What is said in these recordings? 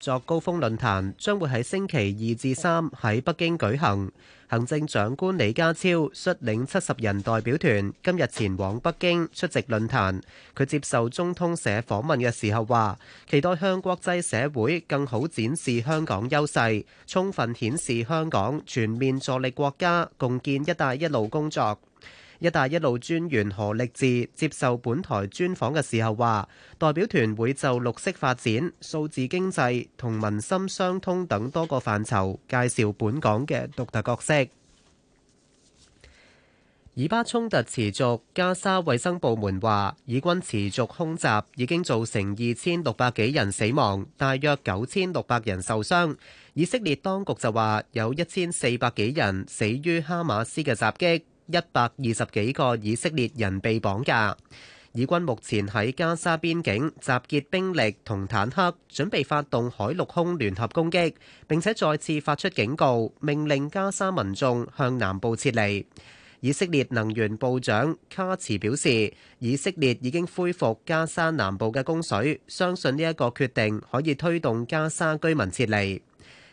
作高峰論壇將會喺星期二至三喺北京舉行。行政長官李家超率領七十人代表團今日前往北京出席論壇。佢接受中通社訪問嘅時候話，期待向國際社會更好展示香港優勢，充分顯示香港全面助力國家共建一帶一路工作。一帶一路專員何力智接受本台專訪嘅時候話，代表團會就綠色發展、數字經濟同民心相通等多個範疇介紹本港嘅獨特角色。以巴衝突持續，加沙衛生部門話，以軍持續空襲已經造成二千六百幾人死亡，大約九千六百人受傷。以色列當局就話有一千四百幾人死於哈馬斯嘅襲擊。一百二十幾個以色列人被綁架，以軍目前喺加沙邊境集結兵力同坦克，準備發動海陸空聯合攻擊，並且再次發出警告，命令加沙民眾向南部撤離。以色列能源部長卡茨表示，以色列已經恢復加沙南部嘅供水，相信呢一個決定可以推動加沙居民撤離。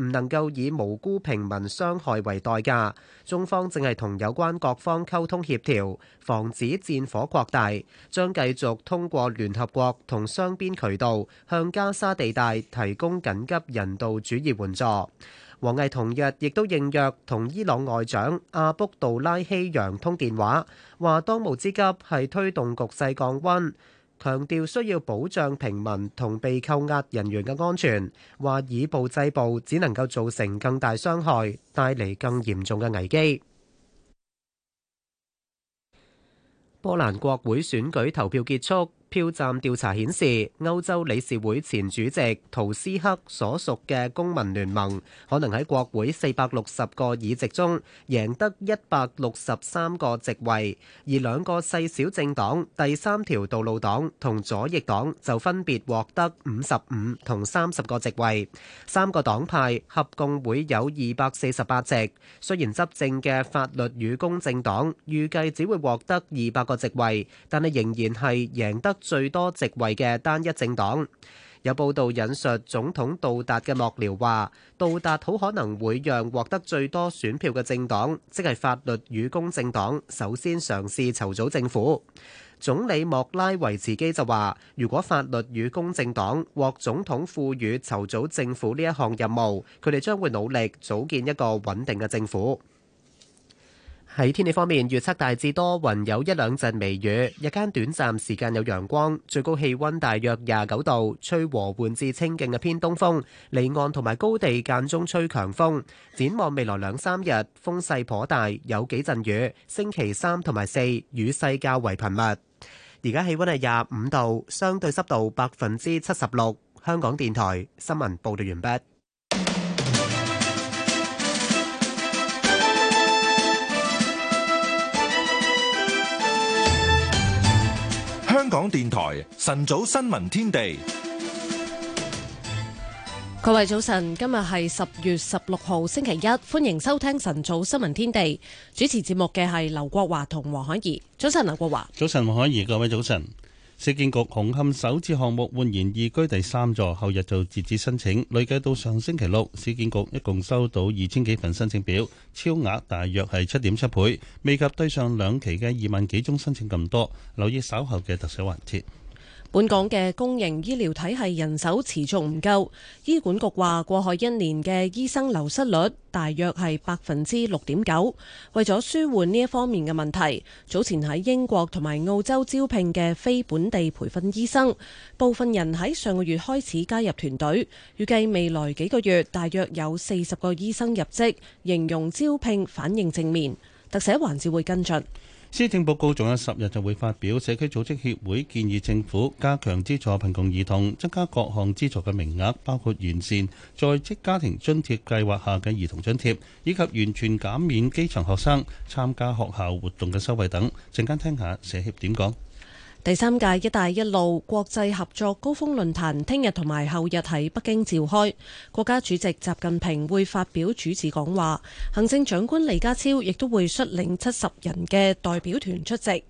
唔能夠以無辜平民傷害為代價，中方正係同有關各方溝通協調，防止戰火擴大，將繼續通過聯合國同雙邊渠道向加沙地帶提供緊急人道主義援助。王毅同日亦都應約同伊朗外長阿卜杜拉希揚通電話，話當務之急係推動局勢降温。強調需要保障平民同被扣押人員嘅安全，話以暴制暴只能夠造成更大傷害，帶嚟更嚴重嘅危機。波蘭國會選舉投票結束。票站調查顯示，歐洲理事會前主席圖斯克所屬嘅公民聯盟可能喺國會四百六十個議席中贏得一百六十三個席位，而兩個細小政黨第三條道路黨同左翼黨就分別獲得五十五同三十個席位，三個黨派合共會有二百四十八席。雖然執政嘅法律與公正黨預計只會獲得二百個席位，但係仍然係贏得最多席位嘅單一政黨。有報道引述總統杜達嘅幕僚話，杜達好可能會讓獲得最多選票嘅政黨，即係法律與公正黨，首先嘗試籌組政府。總理莫拉維茨基就話，如果法律與公正黨獲總統賦予籌組政府呢一項任務，佢哋將會努力組建一個穩定嘅政府。喺天氣方面，預測大致多雲，有一兩陣微雨，日間短暫時間有陽光，最高氣温大約廿九度，吹和緩至清勁嘅偏東風，離岸同埋高地間中吹強風。展望未來兩三日風勢頗大，有幾陣雨。星期三同埋四雨勢較為頻密。而家氣温係廿五度，相對濕度百分之七十六。香港電台新聞報道完畢。香港電台晨早新聞天地，各位早晨，今日係十月十六號星期一，歡迎收聽晨早新聞天地。主持節目嘅係劉國華同黃海怡。早晨，劉國華。早晨，黃海怡。各位早晨。市建局紅磡首次項目煥然易居第三座，後日就截止申請。累計到上星期六，市建局一共收到二千幾份申請表，超額大約係七點七倍，未及對上兩期嘅二萬幾宗申請咁多。留意稍後嘅特寫環節。本港嘅公營醫療體系人手持續唔夠，醫管局話過去一年嘅醫生流失率大約係百分之六點九。為咗舒緩呢一方面嘅問題，早前喺英國同埋澳洲招聘嘅非本地培訓醫生，部分人喺上個月開始加入團隊，預計未來幾個月大約有四十個醫生入職，形容招聘反應正面。特寫環節會跟進。施政報告仲有十日就會發表，社區組織協會建議政府加強資助貧窮兒童，增加各項資助嘅名額，包括完善在職家庭津貼計劃下嘅兒童津貼，以及完全減免基層學生參加學校活動嘅收費等。陣間聽下社協點講。第三屆“一帶一路”國際合作高峰論壇聽日同埋後日喺北京召開，國家主席習近平會發表主旨講話，行政長官李家超亦都會率領七十人嘅代表團出席。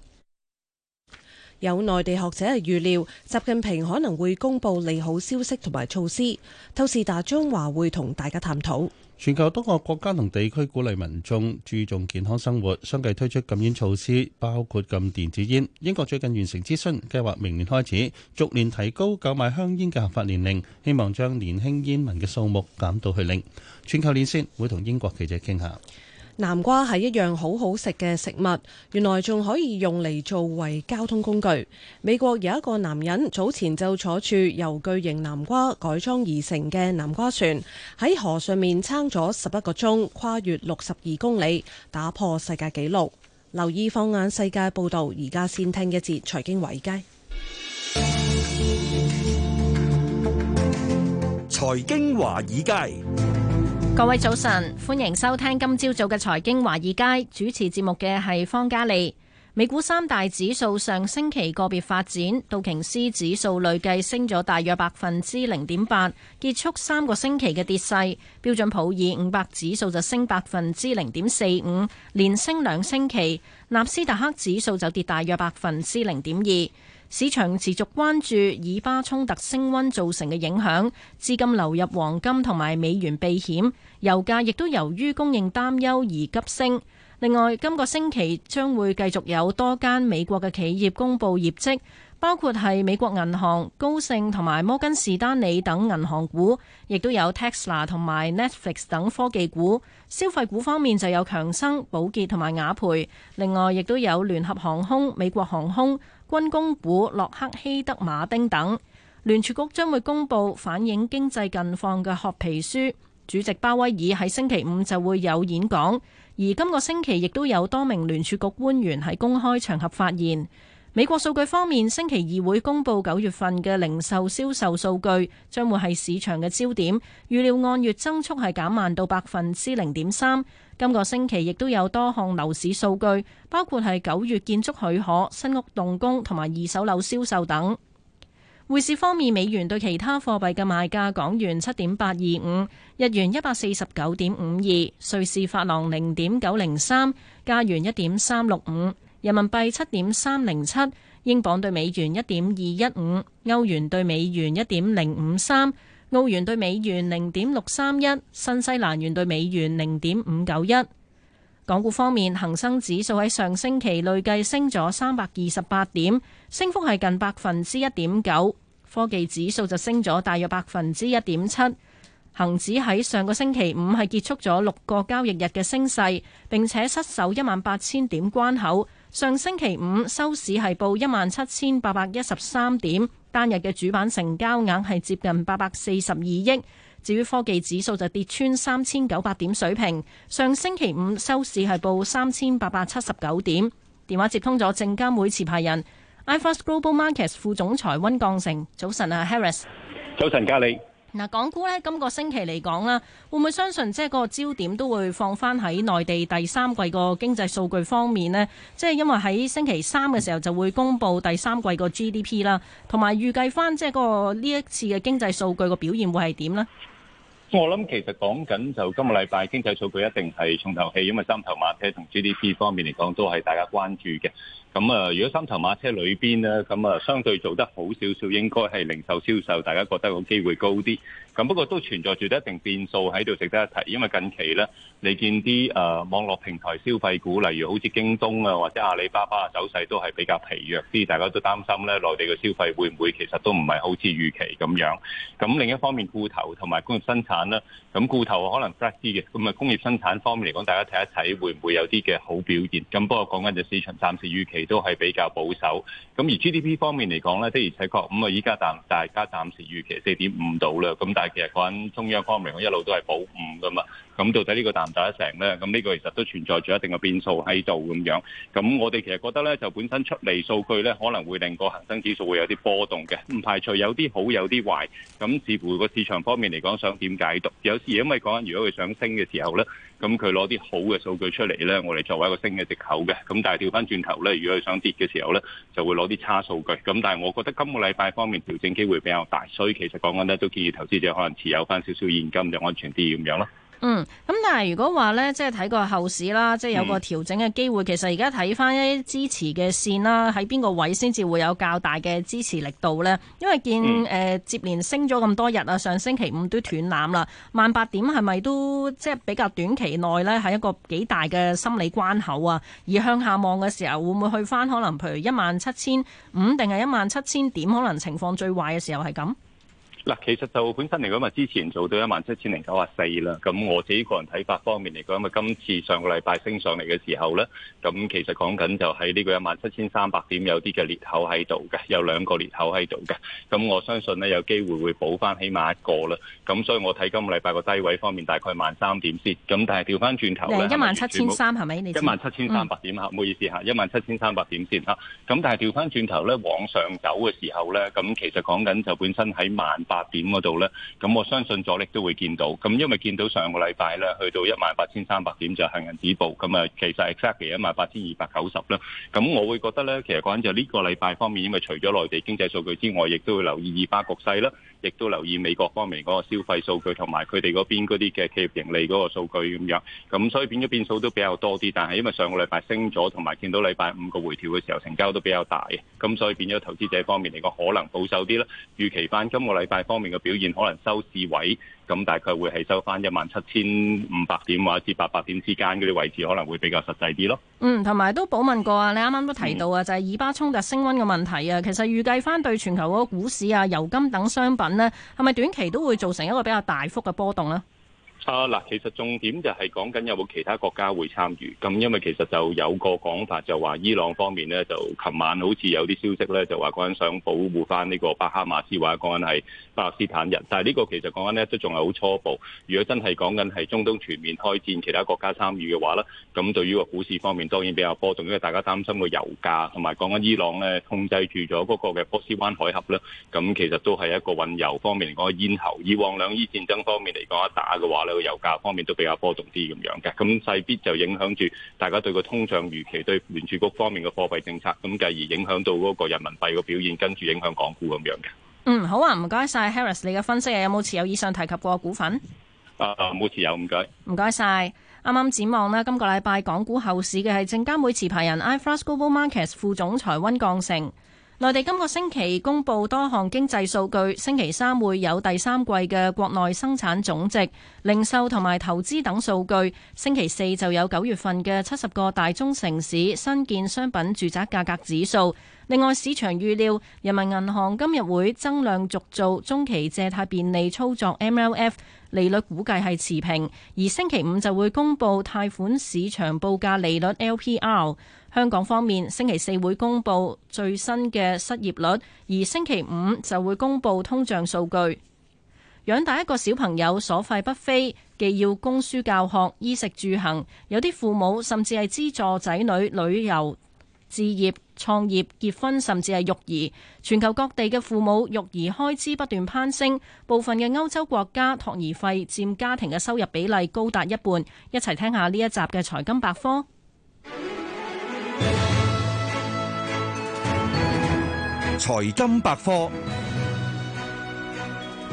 有內地學者係預料，習近平可能會公布利好消息同埋措施。透視大中華會同大家探討。全球多個國家同地區鼓勵民眾注重健康生活，相繼推出禁煙措施，包括禁電子煙。英國最近完成諮詢，計劃明年開始逐年提高購買香煙嘅合法年齡，希望將年輕煙民嘅數目減到去零。全球連線會同英國記者傾下。南瓜係一樣好好食嘅食物，原來仲可以用嚟作為交通工具。美國有一個男人早前就坐住由巨型南瓜改裝而成嘅南瓜船喺河上面撐咗十一個鐘，跨越六十二公里，打破世界紀錄。留意放眼世界報道，而家先聽一節財經偉佳，財經華爾街。各位早晨，歡迎收聽今朝早嘅財經華爾街，主持節目嘅係方嘉利。美股三大指數上星期個別發展，道瓊斯指數累計升咗大約百分之零點八，結束三個星期嘅跌勢。標準普爾五百指數就升百分之零點四五，連升兩星期。納斯達克指數就跌大約百分之零點二。市場持續關注以巴衝突升温造成嘅影響，資金流入黃金同埋美元避險，油價亦都由於供應擔憂而急升。另外，今個星期將會繼續有多間美國嘅企業公布業績，包括係美國銀行、高盛同埋摩根士丹利等銀行股，亦都有 Tesla 同埋 Netflix 等科技股。消費股方面就有強生、寶潔同埋雅培，另外亦都有聯合航空、美國航空，軍工股洛克希德馬丁等，聯儲局將會公布反映經濟近況嘅褐皮書，主席鮑威爾喺星期五就會有演講，而今個星期亦都有多名聯儲局官員喺公開場合發言。美國數據方面，星期二會公布九月份嘅零售銷售數據，將會係市場嘅焦點，預料按月增速係減慢到百分之零點三。今個星期亦都有多項樓市數據，包括係九月建築許可、新屋動工同埋二手樓銷售等。匯市方面，美元對其他貨幣嘅賣價：港元七點八二五，日元一百四十九點五二，瑞士法郎零點九零三，加元一點三六五，人民幣七點三零七，英鎊對美元一點二一五，歐元對美元一點零五三。澳元兌美元零點六三一，新西蘭元兌美元零點五九一。港股方面，恒生指數喺上星期累計升咗三百二十八點，升幅係近百分之一點九。科技指數就升咗大約百分之一點七。恒指喺上個星期五係結束咗六個交易日嘅升勢，並且失守一萬八千點關口。上星期五收市係報一萬七千八百一十三點，單日嘅主板成交額係接近八百四十二億。至於科技指數就跌穿三千九百點水平。上星期五收市係報三千八百七十九點。電話接通咗證監會持牌人 iFast Global Markets 副總裁温鋼成。早晨啊，Harris。早晨，加你。嗱，港股咧，今個星期嚟講啦，會唔會相信即係嗰個焦點都會放翻喺內地第三季個經濟數據方面呢？即係因為喺星期三嘅時候就會公布第三季個 GDP 啦，同埋預計翻即係個呢一次嘅經濟數據個表現會係點呢？我諗其實講緊就今個禮拜經濟數據一定係重頭戲，因為三頭馬車同 GDP 方面嚟講都係大家關注嘅。咁啊，如果三頭馬車裏邊呢，咁啊相對做得好少少，應該係零售銷售，大家覺得有機會高啲。咁不過都存在住一定變數喺度，值得一提。因為近期呢，你見啲誒網絡平台消費股，例如好似京東啊或者阿里巴巴啊，走勢都係比較疲弱啲，大家都擔心呢，內地嘅消費會唔會其實都唔係好似預期咁樣。咁另一方面，固投同埋工業生產啦，咁固投可能 flex 啲嘅，咁啊工業生產方面嚟講，大家睇一睇會唔會有啲嘅好表現？咁不過講緊就市場暫時預期。亦都係比較保守，咁而 GDP 方面嚟講呢，的而且確咁啊，依家暫大家暫時預期四點五度啦。咁但係其實講緊中央方面，我一路都係保五噶嘛。咁到底呢個達唔達得成呢？咁呢個其實都存在住一定嘅變數喺度咁樣。咁我哋其實覺得呢，就本身出嚟數據呢，可能會令個恒生指數會有啲波動嘅，唔排除有啲好有啲壞。咁似乎個市場方面嚟講，想點解讀？有時因為講緊如果佢上升嘅時候呢。咁佢攞啲好嘅數據出嚟呢，我哋作為一個升嘅藉口嘅。咁但係掉返轉頭呢，如果佢想跌嘅時候呢，就會攞啲差數據。咁但係我覺得今個禮拜方面調整機會比較大，所以其實講緊呢，都建議投資者可能持有返少少現金就安全啲咁樣咯。嗯，咁但係如果話呢，即係睇個後市啦，即係有個調整嘅機會。嗯、其實而家睇翻一啲支持嘅線啦，喺邊個位先至會有較大嘅支持力度呢？因為見誒、嗯呃、接連升咗咁多日啊，上星期五都斷纜啦，萬八點係咪都即係比較短期內呢？係一個幾大嘅心理關口啊？而向下望嘅時候，會唔會去翻可能譬如一萬七千五定係一萬七千點，可能情況最壞嘅時候係咁？嗱，其實就本身嚟講，咪之前做到一萬七千零九十四啦。咁我自己個人睇法方面嚟講，咪今次上個禮拜升上嚟嘅時候咧，咁其實講緊就喺呢個一萬七千三百點有啲嘅裂口喺度嘅，有兩個裂口喺度嘅。咁我相信咧有機會會補翻起碼一個啦。咁所以我睇今個禮拜個低位方面大概萬三點先。咁但係調翻轉頭咧，一萬七千三係咪？你一萬七千三百點嚇，唔、嗯、好意思嚇，一萬七千三百點先嚇。咁但係調翻轉頭咧往上走嘅時候咧，咁其實講緊就本身喺萬。八點嗰度咧，咁我相信阻力都會見到。咁因為見到上個禮拜咧，去到一萬八千三百點就行人止步。咁啊，其實 exactly 一萬八千二百九十啦。咁我會覺得咧，其實講緊就呢個禮拜方面，因為除咗內地經濟數據之外，亦都會留意以巴局勢啦，亦都留意美國方面嗰個消費數據同埋佢哋嗰邊嗰啲嘅企業盈利嗰個數據咁樣。咁所以變咗變數都比較多啲。但係因為上個禮拜升咗，同埋見到禮拜五個回調嘅時候成交都比較大。咁所以變咗投資者方面嚟講，可能保守啲啦。預期翻今個禮拜。方面嘅表現可能收市位咁，大概會係收翻一萬七千五百點或者至八百點之間嗰啲位置，可能會比較實際啲咯。嗯，同埋都補問過啊，你啱啱都提到啊，嗯、就係以巴衝突升温嘅問題啊，其實預計翻對全球嗰個股市啊、油金等商品咧，係咪短期都會造成一個比較大幅嘅波動咧？啊嗱，其實重點就係講緊有冇其他國家會參與咁，因為其實就有個講法就話伊朗方面呢，就琴晚好似有啲消息呢，就話講緊想保護翻呢個巴哈馬斯，話講緊係巴勒斯坦人，但係呢個其實講緊呢，都仲係好初步。如果真係講緊係中東全面開戰，其他國家參與嘅話呢，咁對於個股市方面當然比較波動，因為大家擔心個油價同埋講緊伊朗呢，控制住咗嗰個嘅波斯灣海峽呢，咁其實都係一個運油方面嚟講嘅咽喉，以往兩伊戰爭方面嚟講，一打嘅話呢。油價方面都比較波動啲咁樣嘅，咁勢必就影響住大家對個通脹預期，對聯儲局方面嘅貨幣政策，咁繼而影響到嗰個人民幣嘅表現，跟住影響港股咁樣嘅。嗯，好啊，唔該晒，Harris，你嘅分析有冇持有以上提及過股份？啊，冇持有，唔該，唔該晒。啱啱展望啦，今個禮拜港股後市嘅係證監會持牌人 iFAST Global Markets 副總裁溫鋼成。內地今個星期公布多項經濟數據，星期三會有第三季嘅國內生產總值、零售同埋投資等數據。星期四就有九月份嘅七十個大中城市新建商品住宅價格指數。另外，市場預料人民銀行今日會增量續做中期借貸便利操作 （MLF），利率估計係持平。而星期五就會公布貸款市場報價利率 （LPR）。香港方面，星期四會公布最新嘅失業率，而星期五就會公布通脹數據。養大一個小朋友所費不菲，既要供書教學、衣食住行，有啲父母甚至係資助仔女旅遊、置業、創業、結婚，甚至係育兒。全球各地嘅父母育兒開支不斷攀升，部分嘅歐洲國家托兒費佔家庭嘅收入比例高達一半。一齊聽下呢一集嘅財金百科。財金百科，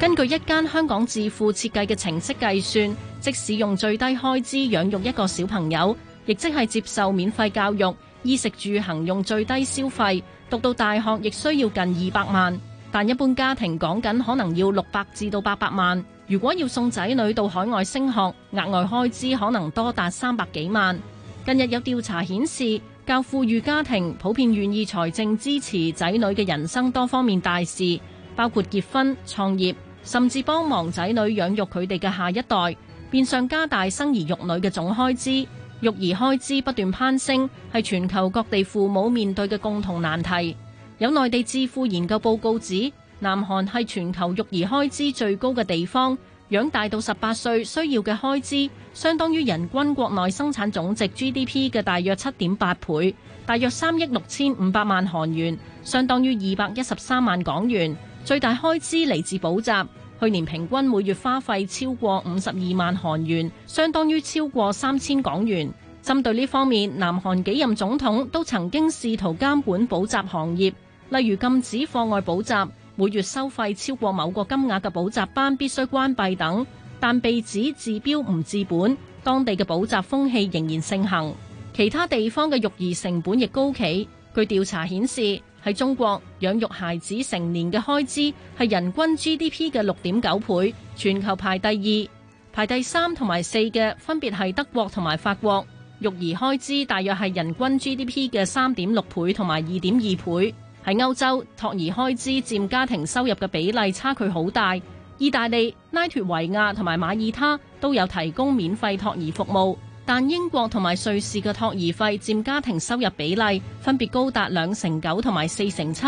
根據一間香港智庫設計嘅程式計算，即使用最低開支養育一個小朋友，亦即係接受免費教育、衣食住行用最低消費，讀到大學亦需要近二百萬。但一般家庭講緊可能要六百至到八百萬。如果要送仔女到海外升學，額外開支可能多達三百幾萬。近日有調查顯示，較富裕家庭普遍願意財政支持仔女嘅人生多方面大事，包括結婚、創業，甚至幫忙仔女養育佢哋嘅下一代，變相加大生兒育女嘅總開支。育兒開支不斷攀升，係全球各地父母面對嘅共同難題。有內地智庫研究報告指，南韓係全球育兒開支最高嘅地方，養大到十八歲需要嘅開支，相當於人均國內生產總值 GDP 嘅大約七點八倍，大約三億六千五百萬韓元，相當於二百一十三萬港元。最大開支嚟自補習，去年平均每月花費超過五十二萬韓元，相當於超過三千港元。針對呢方面，南韓幾任總統都曾經試圖監管補習行業，例如禁止課外補習，每月收費超過某個金額嘅補習班必須關閉等。但被指治標唔治本，當地嘅補習風氣仍然盛行。其他地方嘅育兒成本亦高企。據調查顯示，喺中國養育孩子成年嘅開支係人均 GDP 嘅六點九倍，全球排第二，排第三同埋四嘅分別係德國同埋法國。育兒開支大約係人均 GDP 嘅三點六倍同埋二點二倍。喺歐洲，托兒開支佔家庭收入嘅比例差距好大。意大利、拉脫維亞同埋馬爾他都有提供免費托兒服務，但英國同埋瑞士嘅托兒費佔家庭收入比例分別高達兩成九同埋四成七。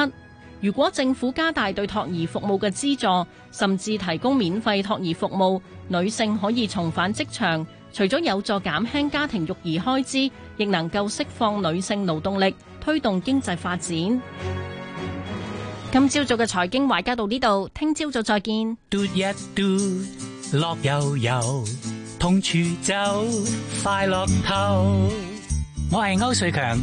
如果政府加大對托兒服務嘅資助，甚至提供免費托兒服務，女性可以重返職場，除咗有助減輕家庭育兒開支，亦能夠釋放女性勞動力，推動經濟發展。今朝早嘅財經話家到呢度，聽朝早再見。嘟一嘟，樂悠悠，痛處走，快樂透。我係歐瑞強，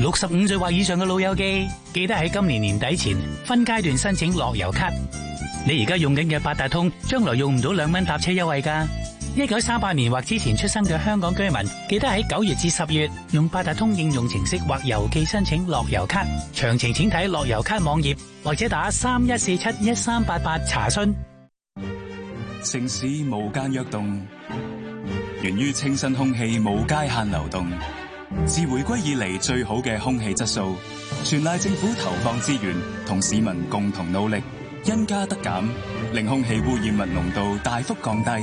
六十五歲或以上嘅老友記，記得喺今年年底前分階段申請樂悠咭。你而家用緊嘅八達通，將來用唔到兩蚊搭車優惠㗎。一九三八年或之前出生嘅香港居民，記得喺九月至十月用八達通應用程式或郵寄申請樂悠卡。詳情請睇樂悠卡網頁或者打三一四七一三八八查詢。城市無間躍動，源於清新空氣無界限流動。自回歸以嚟最好嘅空氣質素，全賴政府投放資源同市民共同努力，因加得減，令空氣污染物濃度大幅降低。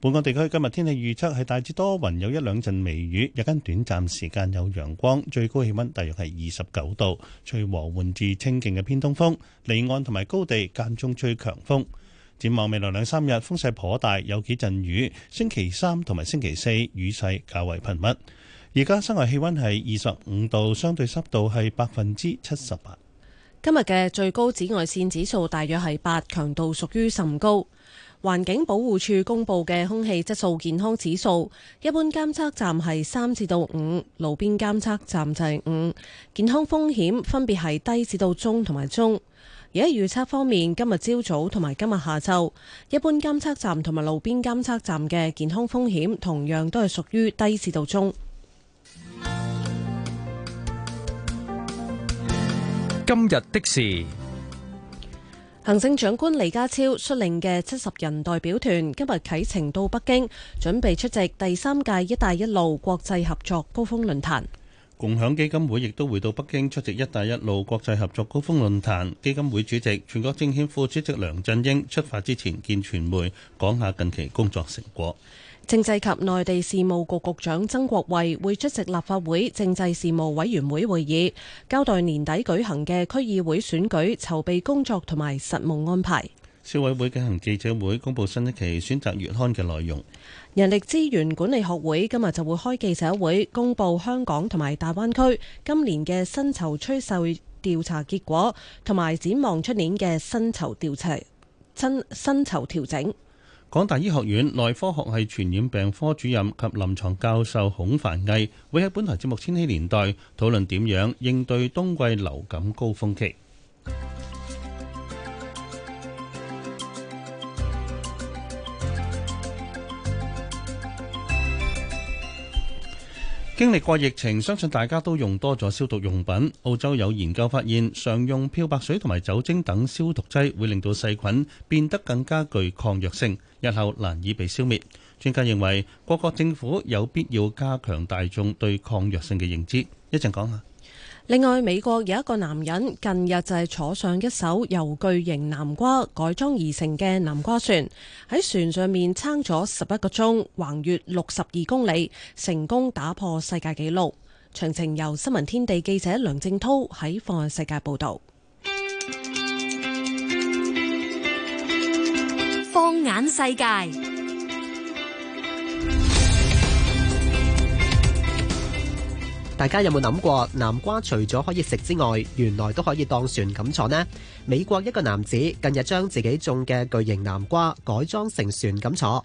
本港地區今日天氣預測係大致多雲，有一兩陣微雨，日間短暫時間有陽光，最高氣温大約係二十九度，吹和緩至清勁嘅偏東風，離岸同埋高地間中吹強風。展望未來兩三日風勢頗大，有幾陣雨。星期三同埋星期四雨勢較為頻密。而家室外氣温係二十五度，相對濕度係百分之七十八。今日嘅最高紫外線指數大約係八，強度屬於甚高。環境保護署公布嘅空氣質素健康指數，一般監測站係三至到五，路邊監測站就係五，健康風險分別係低至到中同埋中。而喺預測方面，今日朝早同埋今日下晝，一般監測站同埋路邊監測站嘅健康風險同樣都係屬於低至到中。今日的事。行政長官李家超率領嘅七十人代表團今日啟程到北京，準備出席第三屆“一帶一路”國際合作高峰論壇。共享基金會亦都回到北京出席“一帶一路”國際合作高峰論壇。基金會主席、全國政協副主席梁振英出發之前見傳媒，講下近期工作成果。政制及內地事務局局長曾國衛會出席立法會政制事務委員會會議，交代年底舉行嘅區議會選舉籌備工作同埋實務安排。消委會舉行記者會，公佈新一期選擇月刊嘅內容。人力資源管理學會今日就會開記者會，公佈香港同埋大灣區今年嘅薪酬趨勢調查結果，同埋展望出年嘅薪酬調查薪薪酬調整。港大醫學院內科學系傳染病科主任及臨床教授孔凡毅會喺本台節目《千禧年代》討論點樣應對冬季流感高峰期。經歷過疫情，相信大家都用多咗消毒用品。澳洲有研究發現，常用漂白水同埋酒精等消毒劑會令到細菌變得更加具抗藥性。日後難以被消滅。專家認為，各國政府有必要加強大眾對抗藥性嘅認知。一陣講下。另外，美國有一個男人近日就係坐上一艘由巨型南瓜改裝而成嘅南瓜船，喺船上面撐咗十一個鐘，橫越六十二公里，成功打破世界紀錄。詳情由新聞天地記者梁正濤喺《放眼世界》報導。放眼世界，大家有冇諗過，南瓜除咗可以食之外，原來都可以當船咁坐呢？美國一個男子近日將自己種嘅巨型南瓜改裝成船咁坐。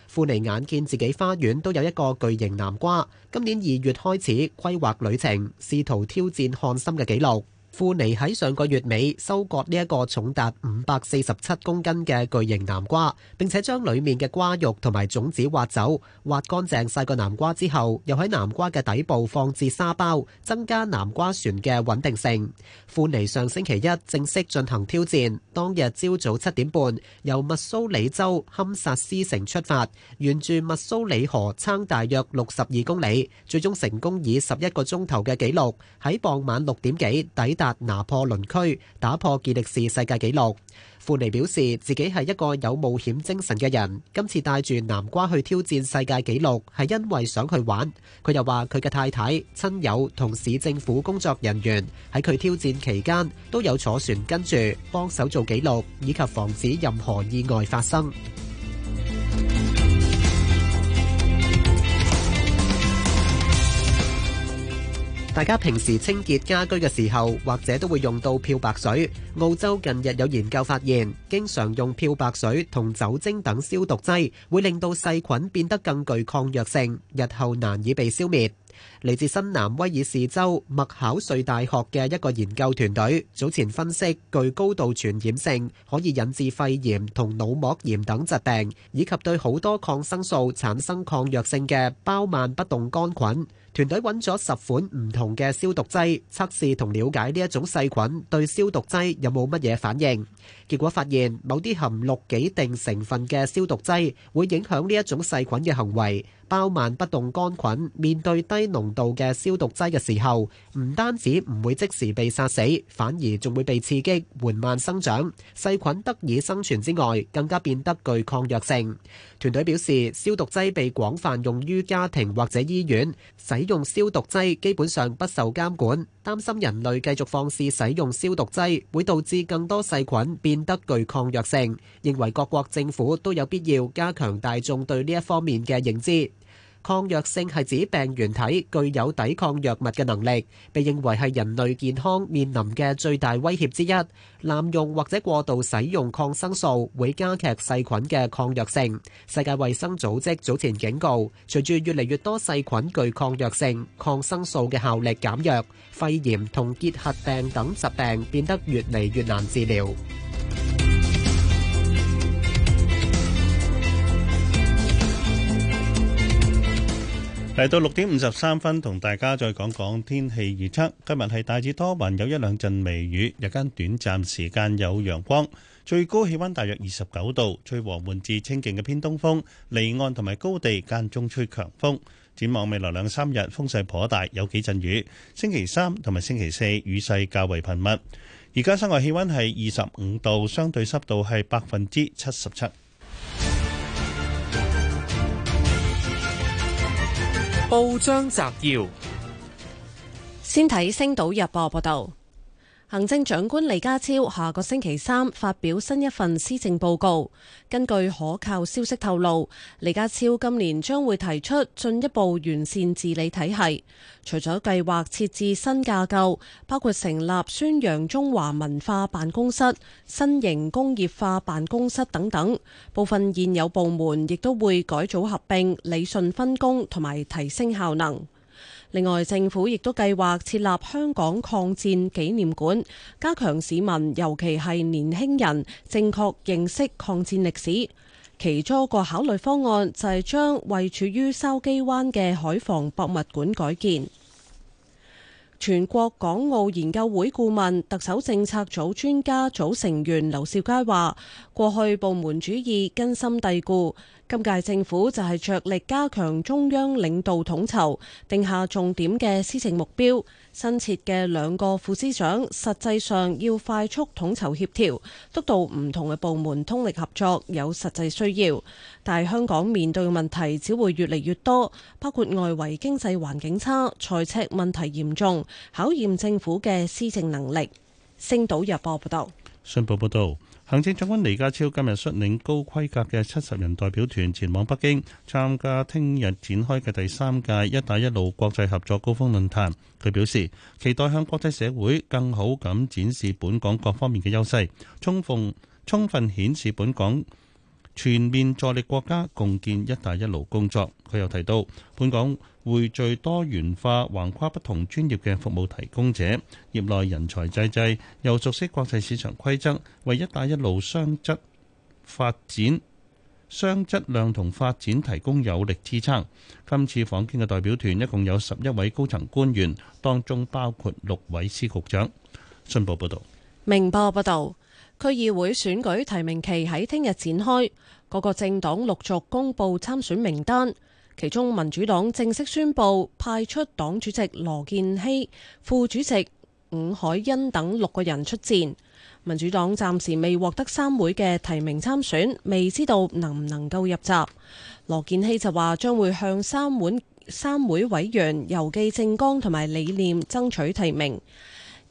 富尼眼見自己花園都有一個巨型南瓜，今年二月開始規劃旅程，試圖挑戰漢森嘅紀錄。富尼喺上個月尾收割呢一個重達五百四十七公斤嘅巨型南瓜，並且將裏面嘅瓜肉同埋種子挖走，挖乾淨晒個南瓜之後，又喺南瓜嘅底部放置沙包，增加南瓜船嘅穩定性。富尼上星期一正式進行挑戰，當日朝早七點半由密蘇里州堪薩斯城出發，沿住密蘇里河撐大約六十二公里，最終成功以十一個鐘頭嘅紀錄喺傍晚六點幾抵。達拿破崙區打破健力士世界紀錄。富尼表示自己係一個有冒險精神嘅人，今次帶住南瓜去挑戰世界紀錄係因為想去玩。佢又話佢嘅太太、親友同市政府工作人員喺佢挑戰期間都有坐船跟住幫手做紀錄，以及防止任何意外發生。大家平時清潔家居嘅時候，或者都會用到漂白水。澳洲近日有研究發現，經常用漂白水同酒精等消毒劑，會令到細菌變得更具抗藥性，日後難以被消滅。嚟自新南威爾士州麥考瑞大學嘅一個研究團隊，早前分析具高度傳染性，可以引致肺炎同腦膜炎等疾病，以及對好多抗生素產生抗藥性嘅包曼不動桿菌。團隊揾咗十款唔同嘅消毒劑，測試同了解呢一種細菌對消毒劑有冇乜嘢反應。結果發現，某啲含氯己定成分嘅消毒劑會影響呢一種細菌嘅行為。包曼不動桿菌面對低濃度嘅消毒劑嘅時候，唔單止唔會即時被殺死，反而仲會被刺激緩慢生長。細菌得以生存之外，更加變得具抗藥性。團隊表示，消毒劑被廣泛用於家庭或者醫院，使用消毒劑基本上不受監管。擔心人類繼續放肆使用消毒劑，會導致更多細菌。變得具抗藥性，認為各國政府都有必要加強大眾對呢一方面嘅認知。抗藥性係指病原體具有抵抗藥物嘅能力，被認為係人類健康面臨嘅最大威脅之一。濫用或者過度使用抗生素會加劇細菌嘅抗藥性。世界衛生組織早前警告，隨住越嚟越多細菌具抗藥性，抗生素嘅效力減弱，肺炎同結核病等疾病變得越嚟越難治療。嚟到六點五十三分，同大家再講講天氣預測。今日係大致多雲，有一兩陣微雨，日間短暫時間有陽光，最高氣溫大約二十九度，吹和緩至清勁嘅偏東風，離岸同埋高地間中吹強風。展望未來兩三日，風勢頗大，有幾陣雨。星期三同埋星期四，雨勢較為頻密。而家室外氣溫係二十五度，相對濕度係百分之七十七。報章摘要，先睇《星島日報》報道。行政長官李家超下個星期三發表新一份施政報告，根據可靠消息透露，李家超今年將會提出進一步完善治理體系，除咗計劃設置新架構，包括成立宣揚中華文化辦公室、新型工業化辦公室等等，部分現有部門亦都會改組合併、理順分工同埋提升效能。另外，政府亦都計劃設立香港抗戰紀念館，加強市民，尤其係年輕人，正確認識抗戰歷史。其中一個考慮方案就係將位處於筲箕灣嘅海防博物館改建。全國港澳研究會顧問、特首政策組專家組成員劉兆佳話：過去部門主義根深蒂固，今屆政府就係着力加強中央領導統籌，定下重點嘅施政目標。新設嘅兩個副司長，實際上要快速統籌協調，督導唔同嘅部門通力合作，有實際需要。但香港面對嘅問題只會越嚟越多，包括外圍經濟環境差、財赤問題嚴重，考驗政府嘅施政能力。星島日報報道，信報報道。行政長官李家超今日率領高規格嘅七十人代表團前往北京，參加聽日展開嘅第三屆「一帶一路」國際合作高峰論壇。佢表示，期待向國際社會更好咁展示本港各方面嘅優勢，充分充分顯示本港。全面助力國家共建“一帶一路”工作。佢又提到，本港匯聚多元化、橫跨不同專業嘅服務提供者，業內人才濟濟，又熟悉國際市場規則，為“一帶一路”雙質發展、雙質量同發展提供有力支撐。今次訪京嘅代表團一共有十一位高層官員，當中包括六位司局長。信報報道。明報報道。區議會選舉提名期喺聽日展開，各個政黨陸續公布參選名單。其中民主黨正式宣布派出黨主席羅健熙、副主席伍凱欣等六個人出戰。民主黨暫時未獲得三會嘅提名參選，未知道能唔能夠入閘。羅健熙就話將會向三會三會委員郵寄政綱同埋理念爭取提名。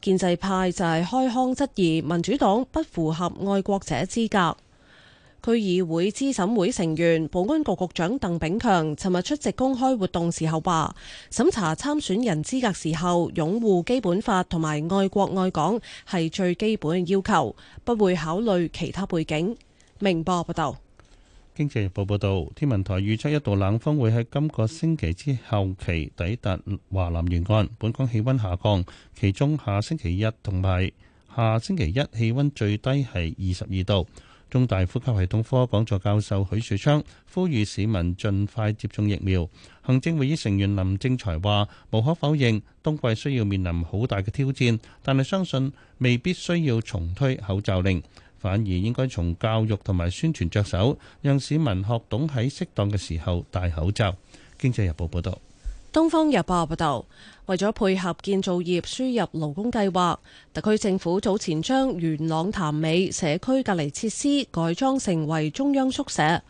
建制派就係開腔質疑民主黨不符合愛國者資格。區議會資審會成員、保安局局長鄧炳強尋日出席公開活動時候話，審查參選人資格時候，擁護基本法同埋愛國愛港係最基本嘅要求，不會考慮其他背景。明報報道。《經濟日報》報導，天文台預測一道冷風會喺今個星期之後期抵達華南沿岸，本港氣温下降。其中下星期一同埋下星期一氣温最低係二十二度。中大呼吸系統科講座教授許樹昌呼籲市民盡快接種疫苗。行政會議成員林正才話，無可否認，冬季需要面臨好大嘅挑戰，但係相信未必需要重推口罩令。反而應該從教育同埋宣傳着手，讓市民學懂喺適當嘅時候戴口罩。經濟日報報導。東方日報報道，為咗配合建造業輸入勞工計劃，特區政府早前將元朗潭尾社區隔離設施改裝成為中央宿舍。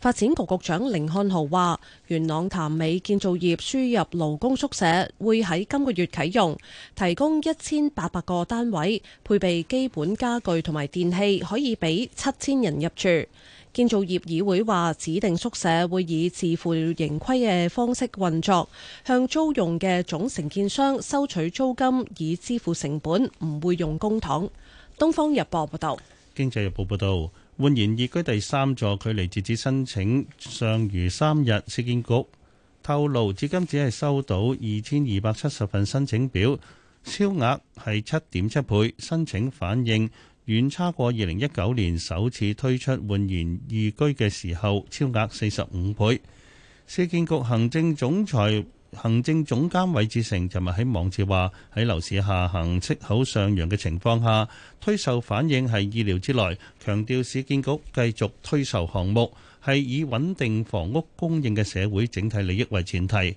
發展局局長凌漢豪話，元朗潭尾建造業輸入勞工宿舍會喺今個月啟用，提供一千八百個單位，配備基本家具同埋電器，可以俾七千人入住。建造業議會話指定宿舍會以自負盈虧嘅方式運作，向租用嘅總承建商收取租金以支付成本，唔會用公帑。《東方日報》報道。經濟日報報道，煥然懿居第三座距離截止申請尚餘三日事件，市建局透露，至今只係收到二千二百七十份申請表，超額係七點七倍，申請反應。遠差過二零一九年首次推出煥然懿居嘅時候，超額四十五倍。市建局行政總裁、行政總監韋志成尋日喺網誌話：喺樓市下行、息口上揚嘅情況下，推售反應係意料之內。強調市建局繼續推售項目係以穩定房屋供應嘅社會整體利益為前提。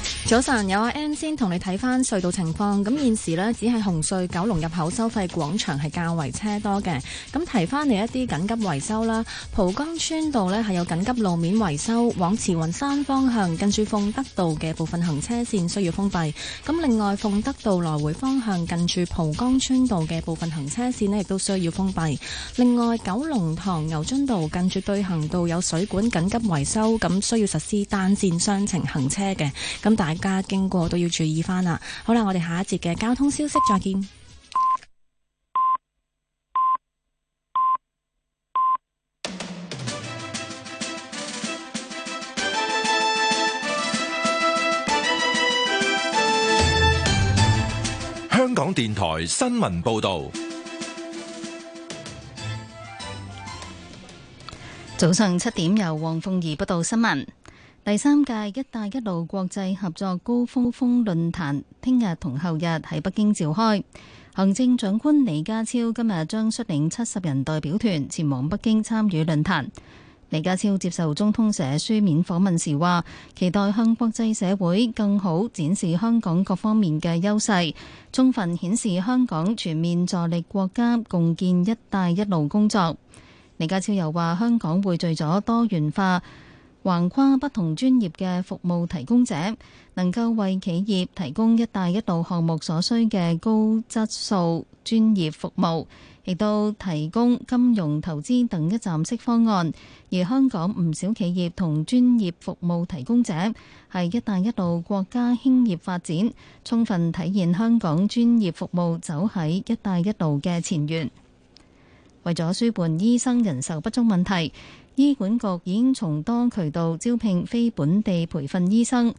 早晨，有阿 M 先同你睇翻隧道情況。咁現時咧，只係紅隧九龍入口收費廣場係較為車多嘅。咁提翻嚟一啲緊急維修啦。蒲崗村道咧係有緊急路面維修，往慈雲山方向近住鳳德道嘅部分行車線需要封閉。咁另外，鳳德道來回方向近住蒲崗村道嘅部分行車線咧亦都需要封閉。另外，九龍塘牛津道近住對行道有水管緊急維修，咁需要實施單線雙程行車嘅。咁大家。大家經過都要注意翻啦。好啦，我哋下一節嘅交通消息再見。香港電台新聞報道，早上七點由黃鳳儀報道新聞。第三屆「一帶一路」國際合作高峰峰論壇，聽日同後日喺北京召開。行政長官李家超今日將率領七十人代表團前往北京參與論壇。李家超接受中通社書面訪問時話，期待向國際社會更好展示香港各方面嘅優勢，充分顯示香港全面助力國家共建「一帶一路」工作。李家超又話，香港匯聚咗多元化，橫跨不同專業嘅服務提供者，能夠為企業提供一帶一路項目所需嘅高質素專業服務，亦都提供金融投資等一站式方案。而香港唔少企業同專業服務提供者係一帶一路國家興業發展，充分體現香港專業服務走喺一帶一路嘅前沿。為咗舒緩醫生人手不足問題。醫管局已經從多渠道招聘非本地培訓醫生。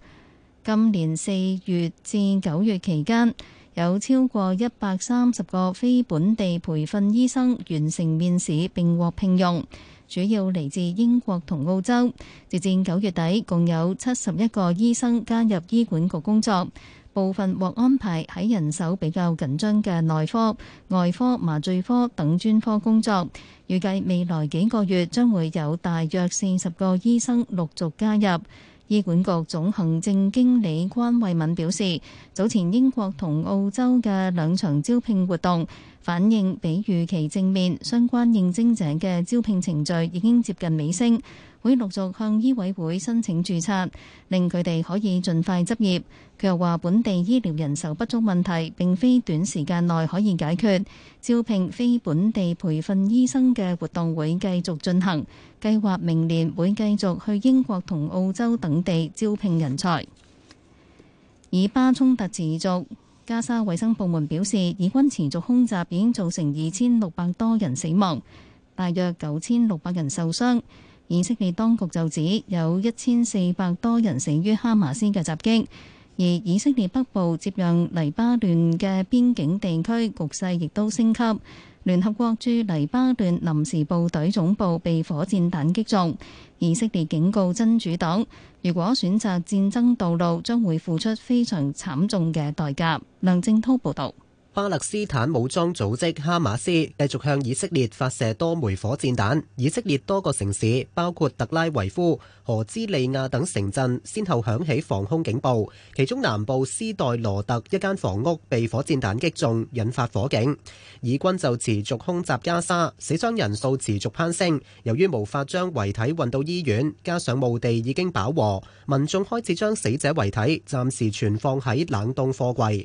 今年四月至九月期間，有超過一百三十個非本地培訓醫生完成面試並獲聘用，主要嚟自英國同澳洲。直至九月底，共有七十一個醫生加入醫管局工作。部分獲安排喺人手比較緊張嘅內科、外科、麻醉科等專科工作。預計未來幾個月將會有大約四十個醫生陸續加入。醫管局總行政經理關慧敏表示，早前英國同澳洲嘅兩場招聘活動反應比預期正面，相關應徵者嘅招聘程序已經接近尾聲。會陸續向醫委會申請註冊，令佢哋可以盡快執業。佢又話，本地醫療人手不足問題並非短時間內可以解決。招聘非本地培訓醫生嘅活動會繼續進行，計劃明年會繼續去英國同澳洲等地招聘人才。以巴衝突持續，加沙衛生部門表示，以軍持續空襲已經造成二千六百多人死亡，大約九千六百人受傷。以色列當局就指有一千四百多人死於哈馬斯嘅襲擊，而以色列北部接壤黎巴嫩嘅邊境地區局勢亦都升級。聯合國駐黎巴嫩臨時部隊總部被火箭彈擊中。以色列警告真主黨，如果選擇戰爭道路，將會付出非常慘重嘅代價。梁正濤報道。巴勒斯坦武裝組織哈馬斯繼續向以色列發射多枚火箭彈，以色列多個城市，包括特拉維夫和茲利亞等城鎮，先後響起防空警報。其中南部斯代羅特一間房屋被火箭彈擊中，引發火警。以軍就持續空襲加沙，死傷人數持續攀升。由於無法將遺體運到醫院，加上墓地已經飽和，民眾開始將死者遺體暫時存放喺冷凍貨櫃。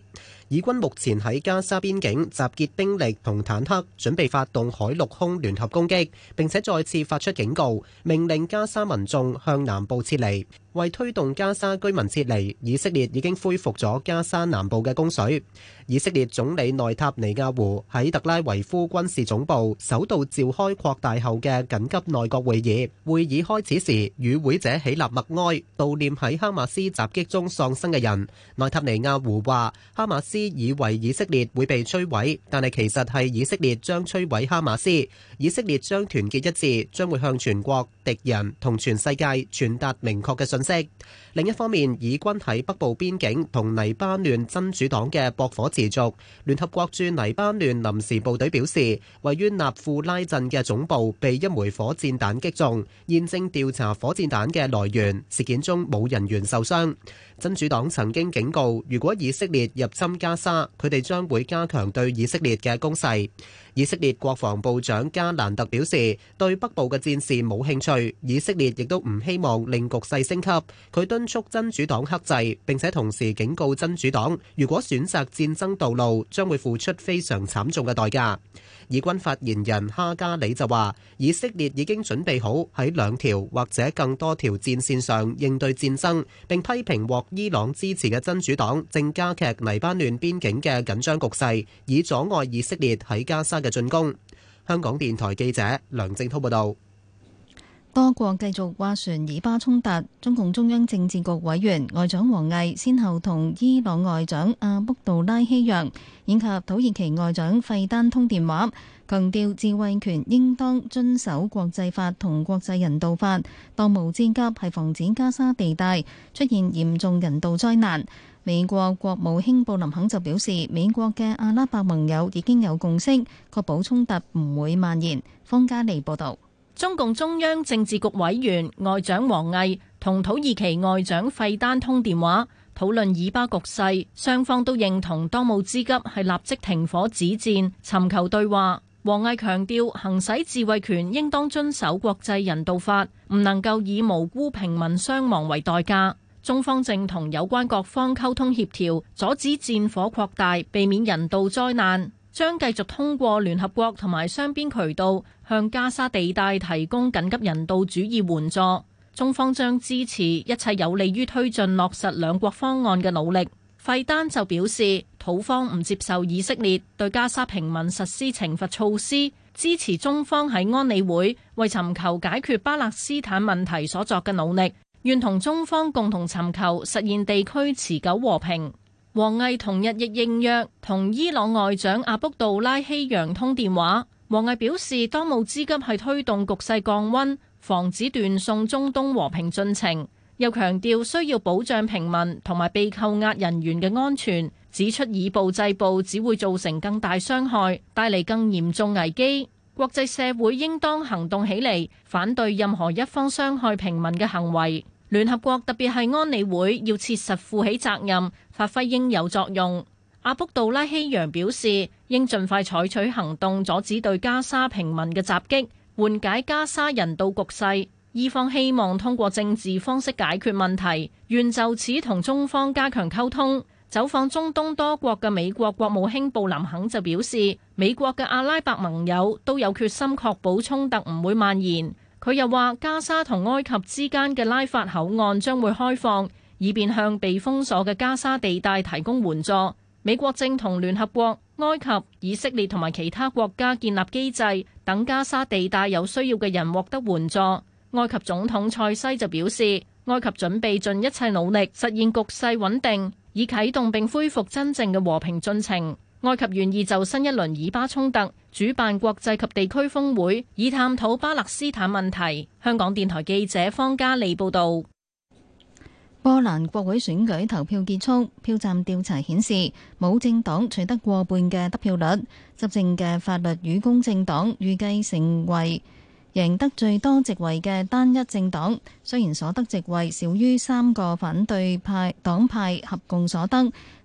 以軍目前喺加沙邊境集結兵力同坦克，準備發動海陸空聯合攻擊，並且再次發出警告，命令加沙民眾向南部撤離。為推動加沙居民撤離，以色列已經恢復咗加沙南部嘅供水。以色列總理內塔尼亞胡喺特拉維夫軍事總部首度召開擴大後嘅緊急內閣會議。會議開始時，與會者起立默哀，悼念喺哈馬斯襲擊中喪生嘅人。內塔尼亞胡話，哈馬斯以為以色列會被摧毀，但係其實係以色列將摧毀哈馬斯。以色列將團結一致，將會向全國、敵人同全世界傳達明確嘅訊息。另一方面，以軍喺北部邊境同黎巴嫩真主黨嘅駁火持續。聯合國駐黎巴嫩臨時部隊表示，位於納庫拉鎮嘅總部被一枚火箭彈擊中，現正調查火箭彈嘅來源。事件中冇人員受傷。真主黨曾經警告，如果以色列入侵加沙，佢哋將會加強對以色列嘅攻勢。以色列國防部長加蘭特表示，對北部嘅戰事冇興趣，以色列亦都唔希望令局勢升級。佢敦促真主黨克制，並且同時警告真主黨，如果選擇戰爭道路，將會付出非常慘重嘅代價。以軍發言人哈加里就話，以色列已經準備好喺兩條或者更多條戰線上應對戰爭，並批評獲伊朗支持嘅真主黨正加劇黎巴嫩邊境嘅緊張局勢，以阻礙以色列喺加沙嘅進攻。香港電台記者梁正滔報道。多國繼續斡旋以巴衝突，中共中央政治局委員外長王毅先後同伊朗外長阿卜杜拉希揚以及土耳其外長費丹通電話，強調自衛權應當遵守國際法同國際人道法，當務之急係防止加沙地帶出現嚴重人道災難。美國國務卿布林肯就表示，美國嘅阿拉伯盟友已經有共識，確保衝突唔會蔓延。方家莉報道。中共中央政治局委員外長王毅同土耳其外長費丹通電話，討論以巴局勢，雙方都認同當務之急係立即停火止戰，尋求對話。王毅強調，行使自衛權應當遵守國際人道法，唔能夠以無辜平民傷亡為代價。中方正同有關各方溝通協調，阻止戰火擴大，避免人道災難。將繼續通過聯合國同埋雙邊渠道向加沙地帶提供緊急人道主義援助。中方將支持一切有利於推進落實兩國方案嘅努力。費丹就表示，土方唔接受以色列對加沙平民實施懲罰措施，支持中方喺安理會為尋求解決巴勒斯坦問題所作嘅努力，願同中方共同尋求實現地區持久和平。王毅同日亦應約，同伊朗外長阿卜杜拉希揚通電話。王毅表示，當務之急係推動局勢降温，防止斷送中東和平進程。又強調需要保障平民同埋被扣押人員嘅安全，指出以暴制暴只會造成更大傷害，帶嚟更嚴重危機。國際社會應當行動起嚟，反對任何一方傷害平民嘅行為。聯合國特別係安理會要切實負起責任，發揮應有作用。阿卜杜拉希揚表示，應盡快採取行動，阻止對加沙平民嘅襲擊，緩解加沙人道局勢。伊方希望通過政治方式解決問題，願就此同中方加強溝通。走訪中東多國嘅美國國務卿布林肯就表示，美國嘅阿拉伯盟友都有決心確保衝突唔會蔓延。佢又話，加沙同埃及之間嘅拉法口岸將會開放，以便向被封鎖嘅加沙地帶提供援助。美國正同聯合國、埃及、以色列同埋其他國家建立機制，等加沙地帶有需要嘅人獲得援助。埃及總統塞西就表示，埃及準備盡一切努力實現局勢穩定，以啟動並恢復真正嘅和平進程。埃及願意就新一輪以巴衝突主辦國際及地區峰會，以探討巴勒斯坦問題。香港電台記者方嘉利報導。波蘭國會選舉投票結束，票站調查顯示，冇政黨取得過半嘅得票率，執政嘅法律與公正黨預計成為贏得最多席位嘅單一政黨，雖然所得席位少於三個反對派黨派合共所得，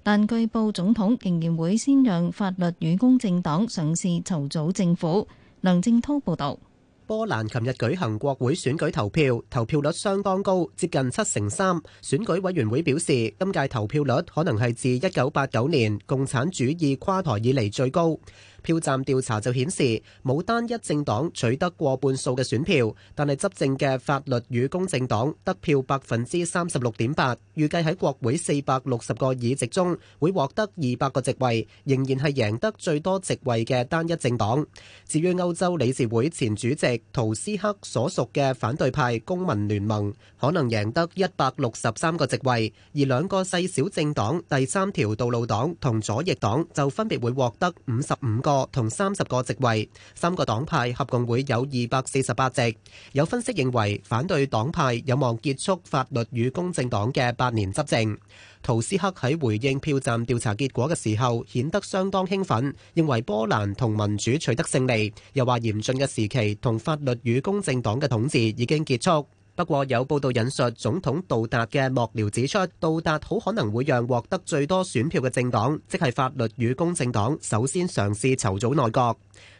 但據報總統仍然會先讓法律與公正黨嘗試籌組政府。梁正滔報導。波蘭琴日舉行國會選舉投票，投票率相當高，接近七成三。選舉委員會表示，今屆投票率可能係自一九八九年共產主義垮台以嚟最高。票站調查就顯示冇單一政黨取得過半數嘅選票，但係執政嘅法律與公正黨得票百分之三十六點八，預計喺國會四百六十個議席中會獲得二百個席位，仍然係贏得最多席位嘅單一政黨。至於歐洲理事會前主席圖斯克所屬嘅反對派公民聯盟，可能贏得一百六十三個席位，而兩個細小政黨第三條道路黨同左翼黨就分別會獲得五十五個個同三十個席位，三個黨派合共會有二百四十八席。有分析認為，反對黨派有望結束法律與公正黨嘅八年執政。陶斯克喺回應票站調查結果嘅時候，顯得相當興奮，認為波蘭同民主取得勝利，又話嚴峻嘅時期同法律與公正黨嘅統治已經結束。不過有報道引述總統杜達嘅幕僚指出，杜達好可能會讓獲得最多選票嘅政黨，即係法律與公正黨，首先嘗試籌組內閣。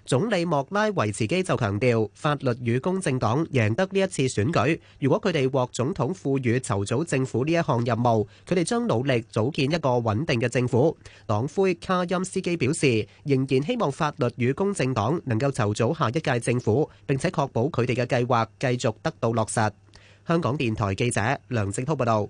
總理莫拉維茨基就強調，法律與公正黨贏得呢一次選舉，如果佢哋獲總統賦予籌組政府呢一項任務，佢哋將努力組建一個穩定嘅政府。黨魁卡欽斯基表示，仍然希望法律與公正黨能夠籌組下一屆政府，並且確保佢哋嘅計劃繼續得到落實。香港電台記者梁正濤報道。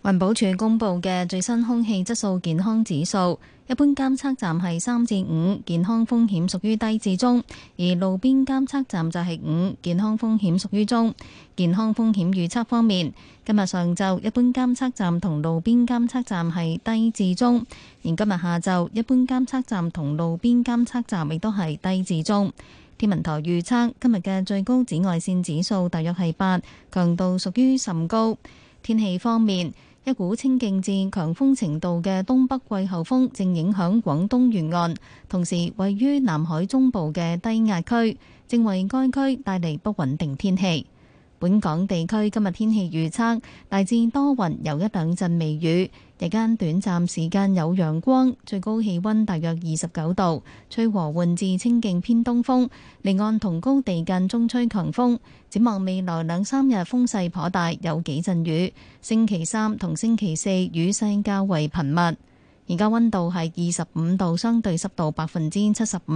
環保署公佈嘅最新空氣質素健康指數。一般監測站係三至五，健康風險屬於低至中；而路邊監測站就係五，健康風險屬於中。健康風險預測方面，今日上晝一般監測站同路邊監測站係低至中，而今日下晝一般監測站同路邊監測站亦都係低至中。天文台預測今日嘅最高紫外線指數大約係八，強度屬於甚高。天氣方面。一股清勁至強風程度嘅東北季候風正影響廣東沿岸，同時位於南海中部嘅低壓區，正為該區帶嚟不穩定天氣。本港地區今日天氣預測大致多雲，有一兩陣微雨。日間短暫時間有陽光，最高氣溫大約二十九度，吹和緩至清勁偏東風。離岸同高地間中吹強風。展望未來兩三日風勢頗大，有幾陣雨。星期三同星期四雨勢較為頻密。而家溫度係二十五度，相對濕度百分之七十五。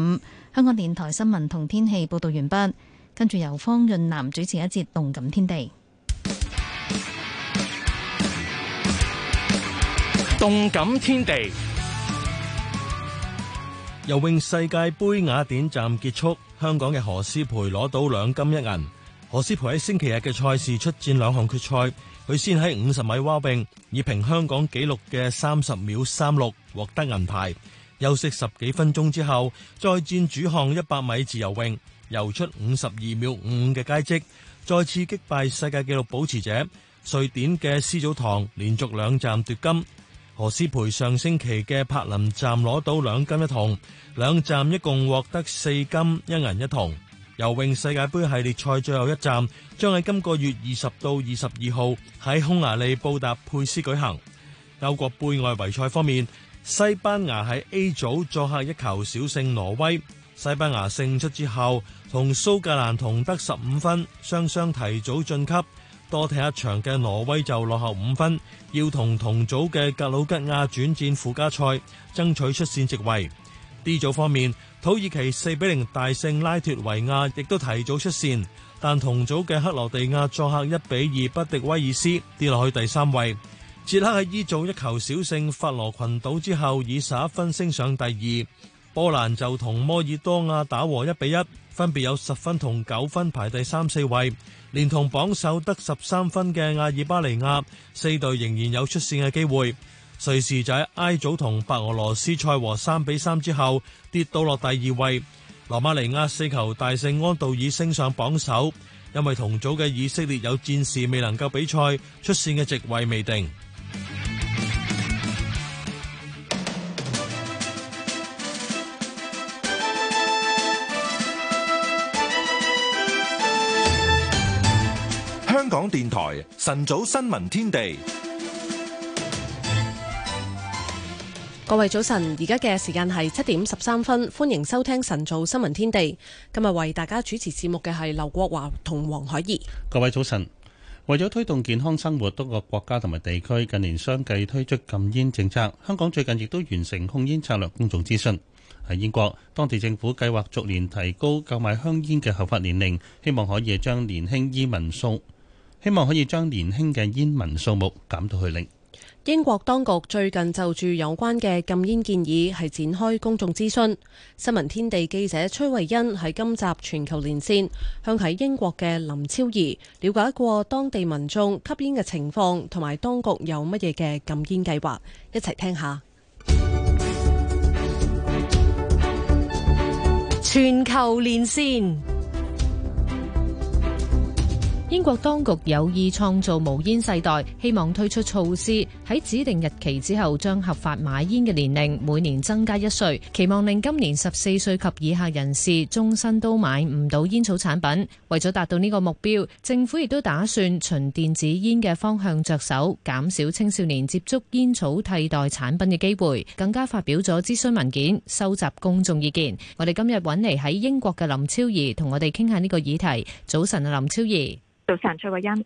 香港電台新聞同天氣報道完畢，跟住由方潤南主持一節《動感天地》。動感天地，游泳世界杯雅典站結束，香港嘅何詩蓓攞到兩金一銀。何詩蓓喺星期日嘅賽事出戰兩項決賽，佢先喺五十米蛙泳以平香港紀錄嘅三十秒三六獲得銀牌。休息十幾分鐘之後，再戰主項一百米自由泳，游出五十二秒五五嘅佳績，再次擊敗世界紀錄保持者瑞典嘅施祖堂，連續兩站奪金。何詩蓓上星期嘅柏林站攞到兩金一銅，兩站一共獲得四金一銀一銅。游泳世界杯系列賽最後一站將喺今個月二十到二十二號喺匈牙利布達佩斯舉行。歐國杯外圍賽方面，西班牙喺 A 組作客一球小勝挪威，西班牙勝出之後同蘇格蘭同得十五分，雙雙提早晉級。多踢一場嘅挪威就落後五分，要同同組嘅格魯吉亞轉戰附加賽，爭取出線席位。D 組方面，土耳其四比零大勝拉脫維亞，亦都提早出線，但同組嘅克羅地亞作客一比二不敵威爾斯，跌落去第三位。捷克喺 E 組一球小勝法羅群島之後，以十一分升上第二。波蘭就同摩爾多亞打和一比一，分別有十分同九分排第三四位。連同榜首得十三分嘅阿爾巴尼亞，四隊仍然有出線嘅機會。瑞士仔埃組同白俄羅斯賽和三比三之後，跌到落第二位。羅馬尼亞四球大勝安道爾，升上榜首，因為同組嘅以色列有戰事未能夠比賽，出線嘅席位未定。港電台晨早新聞天地，各位早晨，而家嘅時間係七點十三分，歡迎收聽晨早新聞天地。今日為大家主持節目嘅係劉國華同黃海怡。各位早晨，為咗推動健康生活，多個國家同埋地區近年相繼推出禁煙政策。香港最近亦都完成控煙策略公眾諮詢。喺英國，當地政府計劃逐年提高購買香煙嘅合法年齡，希望可以將年輕煙民數。希望可以將年輕嘅煙民數目減到去零。英國當局最近就住有關嘅禁煙建議係展開公眾諮詢。新聞天地記者崔慧欣喺今集全球連線，向喺英國嘅林超儀了解過當地民眾吸煙嘅情況，同埋當局有乜嘢嘅禁煙計劃，一齊聽一下。全球連線。英國當局有意創造無煙世代，希望推出措施喺指定日期之後，將合法買煙嘅年齡每年增加一歲，期望令今年十四歲及以下人士終身都買唔到煙草產品。為咗達到呢個目標，政府亦都打算循電子煙嘅方向着手，減少青少年接觸煙草替代產品嘅機會。更加發表咗諮詢文件，收集公眾意見。我哋今日揾嚟喺英國嘅林超儀，同我哋傾下呢個議題。早晨啊，林超儀。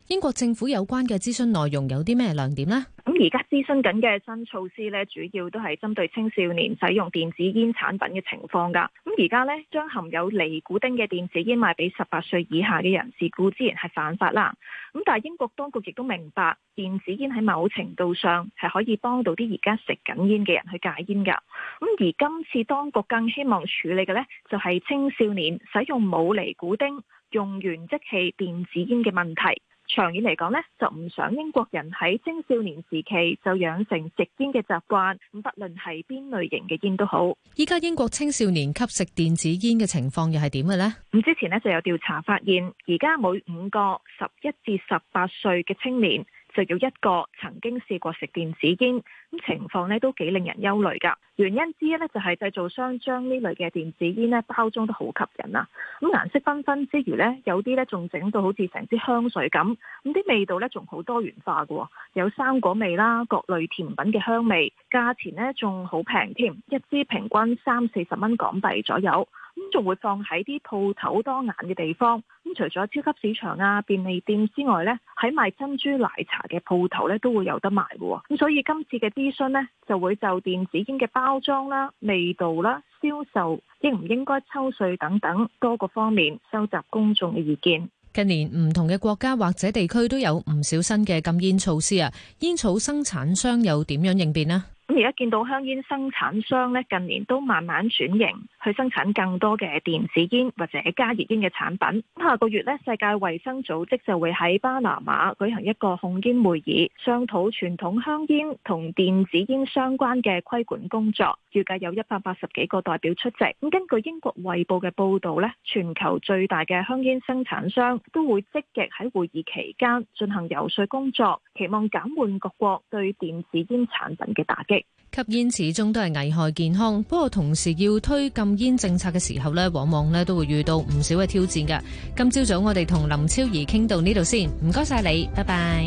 英國政府有關嘅諮詢內容有啲咩亮點呢？咁而家諮詢緊嘅新措施咧，主要都係針對青少年使用電子煙產品嘅情況噶。咁而家咧，將含有尼古丁嘅電子煙賣俾十八歲以下嘅人士固然係犯法啦。咁但係英國當局亦都明白，電子煙喺某程度上係可以幫到啲而家食緊煙嘅人去戒煙噶。咁而今次當局更希望處理嘅呢，就係青少年使用冇尼古丁，用完即棄電子煙嘅問題，長遠嚟講呢，就唔想英國人喺青少年時期就養成食煙嘅習慣，不論係邊類型嘅煙都好。依家，英國青少年吸食電子煙嘅情況又係點嘅呢？咁之前呢就有調查發現，而家每五個十一至十八歲嘅青年，就有一個曾經試過食電子煙，咁情況咧都幾令人憂慮噶。原因之一呢，就係製造商將呢類嘅電子煙呢包裝得好吸引啊，咁顏色繽紛之餘呢，有啲呢仲整到好似成支香水咁，咁啲味道呢，仲好多元化嘅，有生果味啦，各類甜品嘅香味，價錢呢仲好平添，一支平均三四十蚊港幣左右。仲會放喺啲鋪頭當眼嘅地方，咁除咗超級市場啊、便利店之外咧，喺賣珍珠奶茶嘅鋪頭咧都會有得賣嘅，咁所以今次嘅諮詢呢，就會就電子煙嘅包裝啦、啊、味道啦、啊、銷售應唔應該抽稅等等多個方面收集公眾嘅意見。近年唔同嘅國家或者地區都有唔少新嘅禁煙措施啊，煙草生產商又點樣應變呢？咁而家見到香煙生產商咧，近年都慢慢轉型，去生產更多嘅電子煙或者加熱煙嘅產品。下個月咧，世界衛生組織就會喺巴拿馬舉行一個控煙會議，商討傳統香煙同電子煙相關嘅規管工作。預計有一百八十幾個代表出席。咁根據英國衛報嘅報導咧，全球最大嘅香煙生產商都會積極喺會議期間進行游說工作，期望減緩各國對電子煙產品嘅打擊。吸煙始終都係危害健康，不過同時要推禁煙政策嘅時候咧，往往咧都會遇到唔少嘅挑戰㗎。今朝早，早我哋同林超儀傾到呢度先，唔該晒你，拜拜，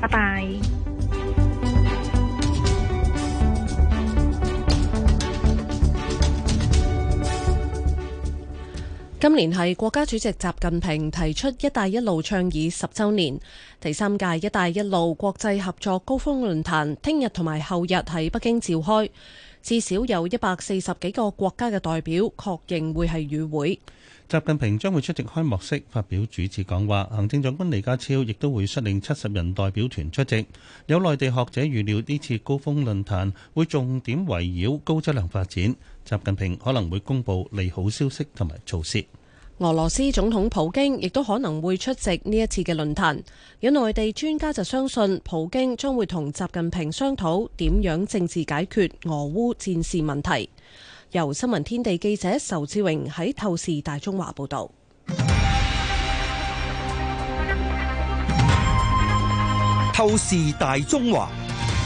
拜拜。今年係國家主席習近平提出「一帶一路」倡議十週年，第三屆「一帶一路」國際合作高峰論壇聽日同埋後日喺北京召開，至少有一百四十幾個國家嘅代表確認會係與會。習近平將會出席開幕式，發表主持講話。行政長官李家超亦都會率領七十人代表團出席。有內地學者預料呢次高峰論壇會重點圍繞高質量發展。習近平可能會公布利好消息同埋措施。俄羅斯總統普京亦都可能會出席呢一次嘅論壇。有內地專家就相信，普京將會同習近平商討點樣政治解決俄烏戰事問題。由新聞天地記者仇志榮喺透視大中華報道。透視大中華。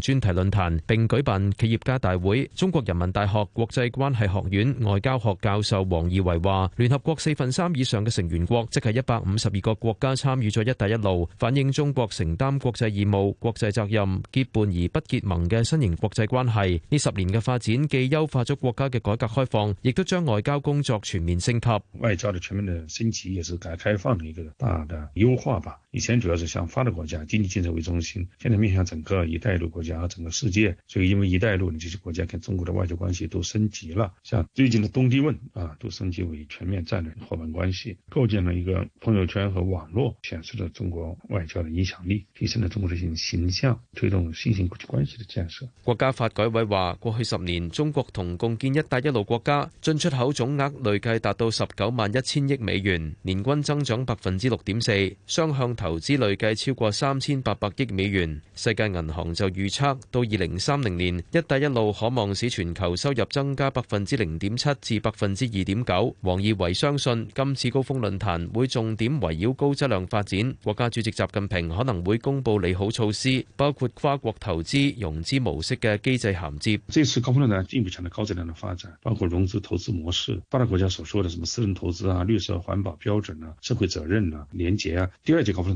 專題論壇，並舉辦企業家大會。中國人民大學國際關係學院外交學教授王義桅話：聯合國四分三以上嘅成員國，即係一百五十二個國家參與咗“一帶一路”，反映中國承擔國際義務、國際責任、結伴而不結盟嘅新型國際關係。呢十年嘅發展，既優化咗國家嘅改革開放，亦都將外交工作全面升級。外交嘅全面嘅升級亦係改革開放一個大嘅優化吧。以前主要是向發達國家經濟建設為中心，現在面向整個一帶一路國家和整個世界。所以因為一帶一路呢這些國家跟中國的外交關係都升級了，像最近的東帝汶啊都升級為全面戰略伙伴關係，構建了一個朋友圈和網絡，顯示了中國外交的影響力，提升了中國的形形象，推動新型國際關係的建設。國家發改委話，過去十年中國同共建一帶一路國家進出口總額累計達到十九萬一千億美元，年均增長百分之六點四，雙向投投資累計超過三千八百億美元。世界銀行就預測到二零三零年，一帶一路可望使全球收入增加百分之零點七至百分之二點九。王毅維相信，今次高峰論壇會重點圍繞高質量發展。國家主席習近平可能會公布利好措施，包括跨國投資融資模式嘅機制銜接。這次高峰論壇係進一步強調高質量嘅發展，包括融資投資模式，發達國家所說的什麼私人投資啊、綠色環保標準啊、社會責任啊、廉潔啊。第二屆高峰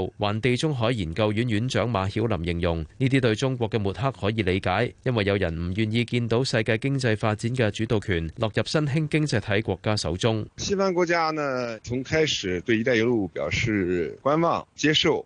環地中海研究院院長馬曉林形容呢啲對中國嘅抹黑可以理解，因為有人唔願意見到世界經濟發展嘅主導權落入新興經濟體國家手中。西方國家呢，從開始對一帶一路表示觀望接受，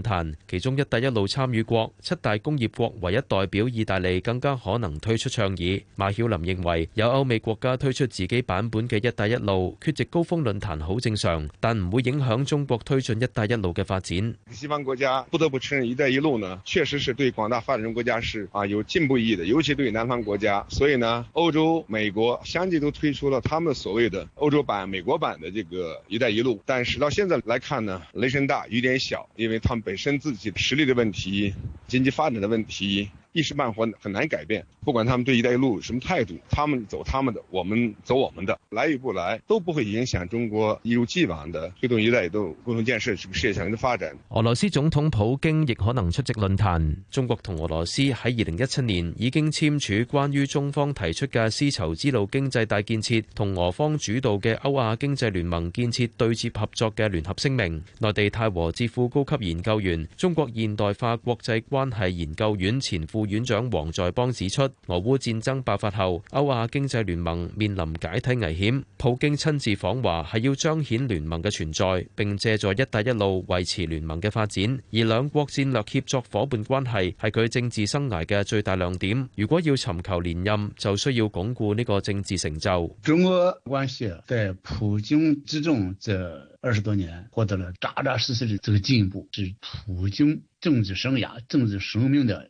壇，其中一帶一路參與國、七大工業國唯一代表意大利更加可能推出倡議。馬曉林認為，有歐美國家推出自己版本嘅一帶一路，缺席高峰論壇好正常，但唔會影響中國推進一帶一路嘅發展。西方國家不得不承認一帶一路呢確實是對廣大發展中國家是啊有進步意義的，尤其對南方國家。所以呢，歐洲美國相繼都推出了他們所謂嘅歐洲版、美國版的這個一帶一路，但是到現在來看呢，雷聲大雨點小，因為他們本身自己實力的問題，經濟發展的問題。一時半會很難改變，不管他們對一帶一路什麼態度，他們走他們的，我們走我們的，來與不來都不會影響中國一如既往的推動一帶一路共同建設這個事業上的發展。俄羅斯總統普京亦可能出席論壇。中國同俄羅斯喺二零一七年已經簽署關於中方提出嘅絲綢之路經濟帶建設同俄方主導嘅歐亞經濟聯盟建設對接合作嘅聯合聲明。內地泰和智庫高級研究員、中國現代化國際關係研究院前副副院長王在邦指出，俄烏戰爭爆發後，歐亞經濟聯盟面臨解體危險。普京親自訪華係要彰顯聯盟嘅存在，並借助一帶一路維持聯盟嘅發展。而兩國戰略協作夥伴關係係佢政治生涯嘅最大亮點。如果要尋求連任，就需要鞏固呢個政治成就。中俄關係在普京之中，這二十多年，獲得了紮紮實實的這個進步，是普京政治生涯、政治生命的。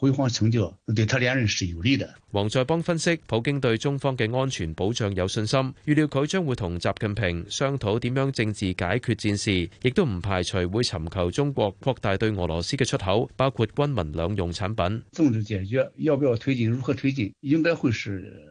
輝煌成就對他兩人是有利的。王在邦分析，普京對中方嘅安全保障有信心，預料佢將會同習近平商討點樣政治解決戰事，亦都唔排除會尋求中國擴大對俄羅斯嘅出口，包括軍民兩用產品。政治解決，要不要推進，如何推進，應該會是。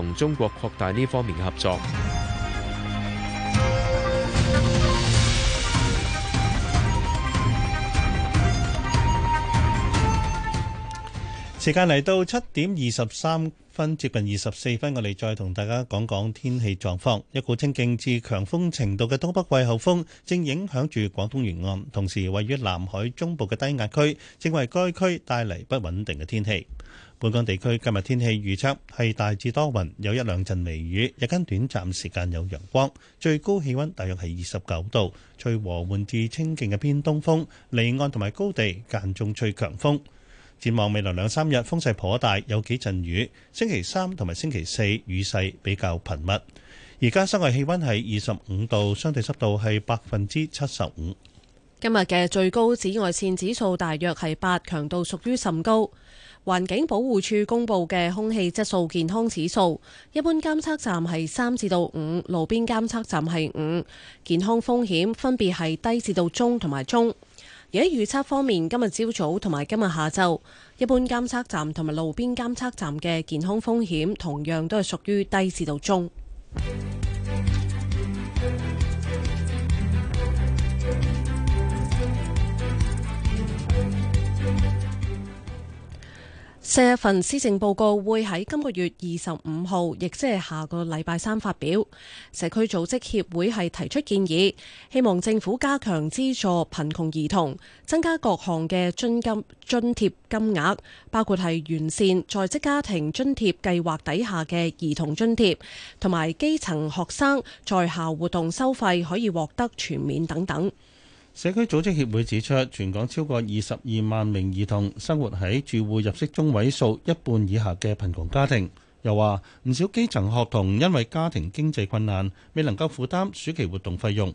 同中國擴大呢方面嘅合作。時間嚟到七點二十三分，接近二十四分，我哋再同大家講講天氣狀況。一股清勁至強風程度嘅東北季候風正影響住廣東沿岸，同時位於南海中部嘅低壓區，正為該區帶嚟不穩定嘅天氣。本港地區今日天氣預測係大致多雲，有一兩陣微雨，日間短暫時間有陽光，最高氣溫大約係二十九度，吹和緩至清勁嘅偏東風，離岸同埋高地間中吹強風。展望未來兩三日，風勢頗大，有幾陣雨。星期三同埋星期四雨勢比較頻密。而家室外氣溫係二十五度，相對濕度係百分之七十五。今日嘅最高紫外線指數大約係八，強度屬於甚高。環境保護署公布嘅空氣質素健康指數，一般監測站係三至到五，路邊監測站係五，健康風險分別係低至到中同埋中。而喺預測方面，今日朝早同埋今日下晝，一般監測站同埋路邊監測站嘅健康風險同樣都係屬於低至到中。四月份施政報告會喺今個月二十五號，亦即係下個禮拜三發表。社區組織協會係提出建議，希望政府加強資助貧窮兒童，增加各項嘅津貼金津貼金額，包括係完善在職家庭津貼計劃底下嘅兒童津貼，同埋基層學生在校活動收費可以獲得全免等等。社區組織協會指出，全港超過二十二萬名兒童生活喺住戶入息中位數一半以下嘅貧窮家庭。又話唔少基層學童因為家庭經濟困難，未能夠負擔暑期活動費用。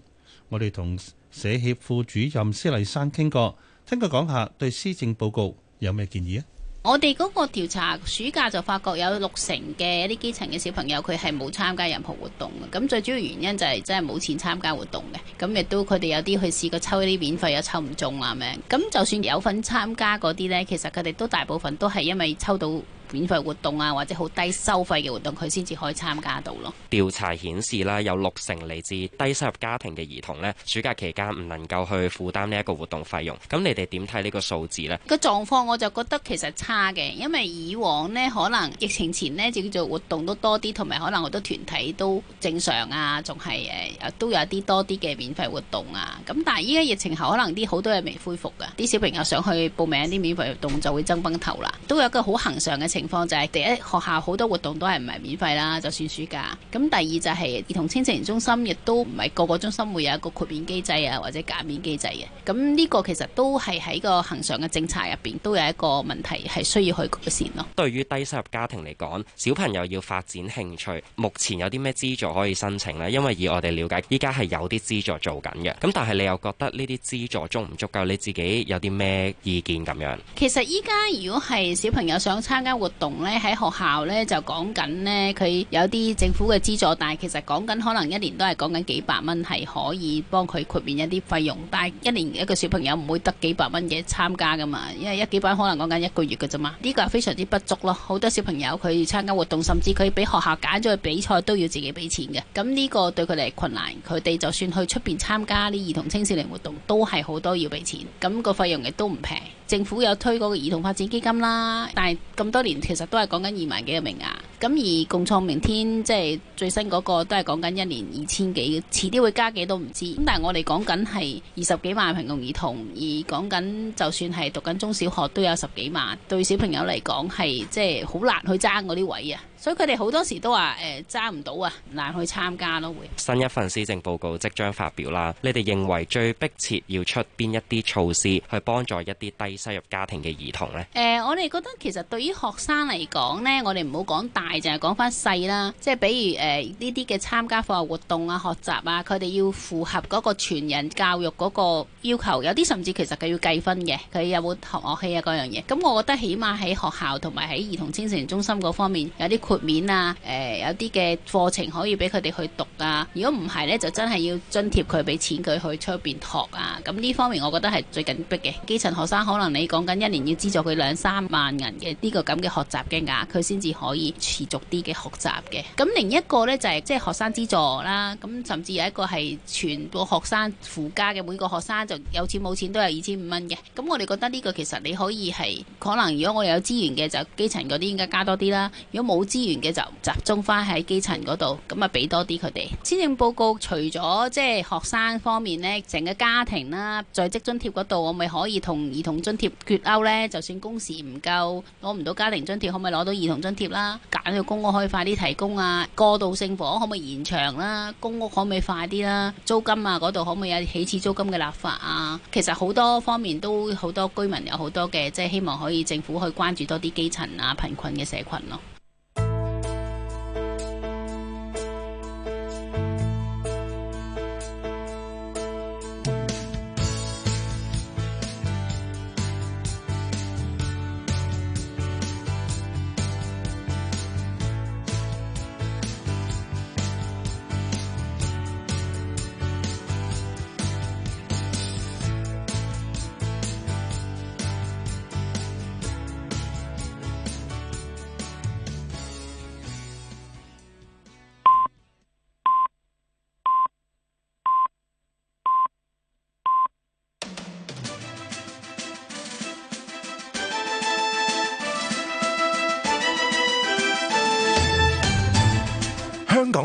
我哋同社協副主任施麗珊傾過，聽佢講下對施政報告有咩建議啊？我哋嗰個調查暑假就發覺有六成嘅一啲基層嘅小朋友佢係冇參加任何活動嘅，咁最主要原因就係真係冇錢參加活動嘅，咁亦都佢哋有啲去試過抽一啲免費又抽唔中啊咩，咁就算有份參加嗰啲呢，其實佢哋都大部分都係因為抽到。免費活動啊，或者好低收費嘅活動，佢先至可以參加到咯。調查顯示啦，有六成嚟自低收入家庭嘅兒童呢，暑假期間唔能夠去負擔呢一個活動費用。咁你哋點睇呢個數字呢？個狀況我就覺得其實差嘅，因為以往呢，可能疫情前呢，就叫做活動都多啲，同埋可能好多團體都正常啊，仲係誒都有啲多啲嘅免費活動啊。咁但係依家疫情後，可能啲好多嘢未恢復嘅，啲小朋友想去報名啲免費活動就會爭崩頭啦。都有一個好恒常嘅。情況就係第一，學校好多活動都係唔係免費啦，就算暑假。咁第二就係兒童青少年中心亦都唔係個個中心會有一個豁免機制啊，或者減免機制嘅。咁、這、呢個其實都係喺個恒常嘅政策入邊，都有一個問題係需要去改善咯。對於低收入家庭嚟講，小朋友要發展興趣，目前有啲咩資助可以申請呢？因為以我哋了解，依家係有啲資助做緊嘅。咁但係你又覺得呢啲資助足唔足夠？你自己有啲咩意見咁樣？其實依家如果係小朋友想參加活動呢喺學校呢，就講緊呢，佢有啲政府嘅資助，但係其實講緊可能一年都係講緊幾百蚊係可以幫佢豁免一啲費用，但係一年一個小朋友唔會得幾百蚊嘅參加噶嘛，因為一幾百可能講緊一個月噶啫嘛，呢個係非常之不足咯。好多小朋友佢參加活動，甚至佢俾學校揀咗去比賽都要自己俾錢嘅，咁呢個對佢哋困難，佢哋就算去出邊參加啲兒童青少年活動都係好多要俾錢，咁個費用亦都唔平。政府有推嗰個兒童發展基金啦，但係咁多年其實都係講緊二萬幾嘅名額，啊，咁而共創明天即係、就是、最新嗰個都係講緊一年二千幾，遲啲會加幾都唔知，咁但係我哋講緊係二十幾萬貧窮兒童，而講緊就算係讀緊中小學都有十幾萬，對小朋友嚟講係即係好難去爭嗰啲位啊。所以佢哋好多時都話誒，揸唔到啊，難去參加咯。會新一份施政報告即將發表啦，你哋認為最迫切要出邊一啲措施去幫助一啲低收入家庭嘅兒童呢？誒、欸，我哋覺得其實對於學生嚟講呢，我哋唔好講大，淨係講翻細啦。即係比如誒呢啲嘅參加課外活動啊、學習啊，佢哋要符合嗰個全人教育嗰個要求。有啲甚至其實佢要計分嘅，佢有冇學樂器啊嗰樣嘢。咁我覺得起碼喺學校同埋喺兒童青少年中心嗰方面有啲面啊，誒、嗯、有啲嘅課程可以俾佢哋去讀啊。如果唔係呢，就真係要津貼佢俾錢佢去出邊學啊。咁呢方面我覺得係最緊迫嘅。基層學生可能你講緊一年要資助佢兩三萬銀嘅呢個咁嘅學習嘅額，佢先至可以持續啲嘅學習嘅。咁另一個呢，就係即係學生資助啦。咁甚至有一個係全部學生附加嘅，每個學生就有錢冇錢都有二千五蚊嘅。咁我哋覺得呢個其實你可以係可能如果我有資源嘅就基層嗰啲應該加多啲啦。如果冇資源嘅就集中翻喺基層嗰度，咁啊俾多啲佢哋。施政報告除咗即係學生方面呢，成個家庭啦，在職津貼嗰度，我咪可以同兒童津貼脱鈎呢？就算工時唔夠，攞唔到家庭津貼，可唔可以攞到兒童津貼啦？揀個公屋可以快啲提供啊。過渡性房可唔可以延長啦？公屋可唔可以快啲啦？租金啊，嗰度可唔可以有起始租金嘅立法啊？其實好多方面都好多居民有好多嘅，即係希望可以政府去關注多啲基層啊，貧困嘅社群咯。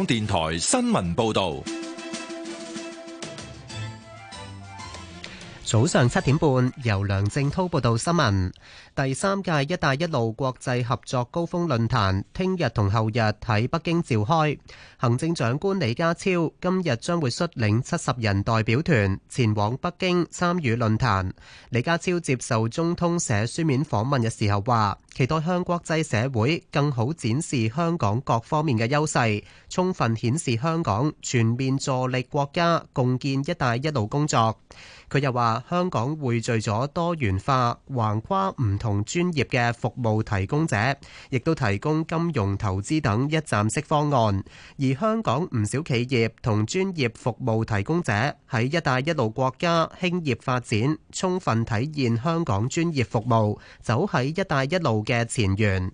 電台新聞報道。早上七點半，由梁正濤報道新聞。第三屆一帶一路國際合作高峰論壇聽日同後日喺北京召開。行政長官李家超今日將會率領七十人代表團前往北京參與論壇。李家超接受中通社書面訪問的時候話，期待向國際社會更好展示香港各方面的優勢，充分顯示香港全面助力國家共建一帶一路工作。佢又話：香港匯聚咗多元化、橫跨唔同專業嘅服務提供者，亦都提供金融投資等一站式方案。而香港唔少企業同專業服務提供者喺一帶一路國家興業發展，充分體現香港專業服務走喺一帶一路嘅前沿。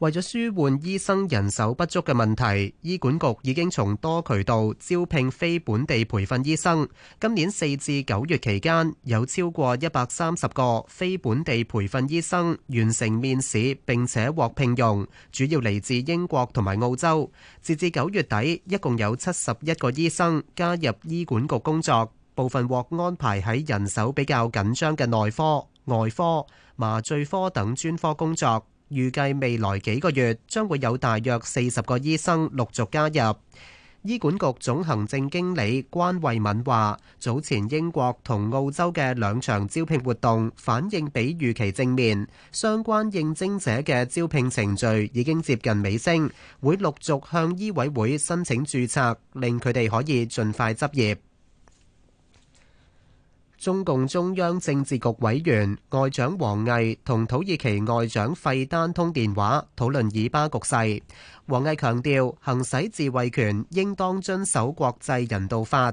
為咗舒緩醫生人手不足嘅問題，醫管局已經從多渠道招聘非本地培訓醫生。今年四至九月期間，有超過一百三十個非本地培訓醫生完成面試並且獲聘用，主要嚟自英國同埋澳洲。截至九月底，一共有七十一個醫生加入醫管局工作，部分獲安排喺人手比較緊張嘅內科、外科、麻醉科等專科工作。預計未來幾個月將會有大約四十個醫生陸續加入。醫管局總行政經理關惠敏話：早前英國同澳洲嘅兩場招聘活動反應比預期正面，相關應徵者嘅招聘程序已經接近尾聲，會陸續向醫委會申請註冊，令佢哋可以盡快執業。中共中央政治局委員外長王毅同土耳其外長費丹通電話，討論以巴局勢，王毅強調行使自衛權應當遵守國際人道法。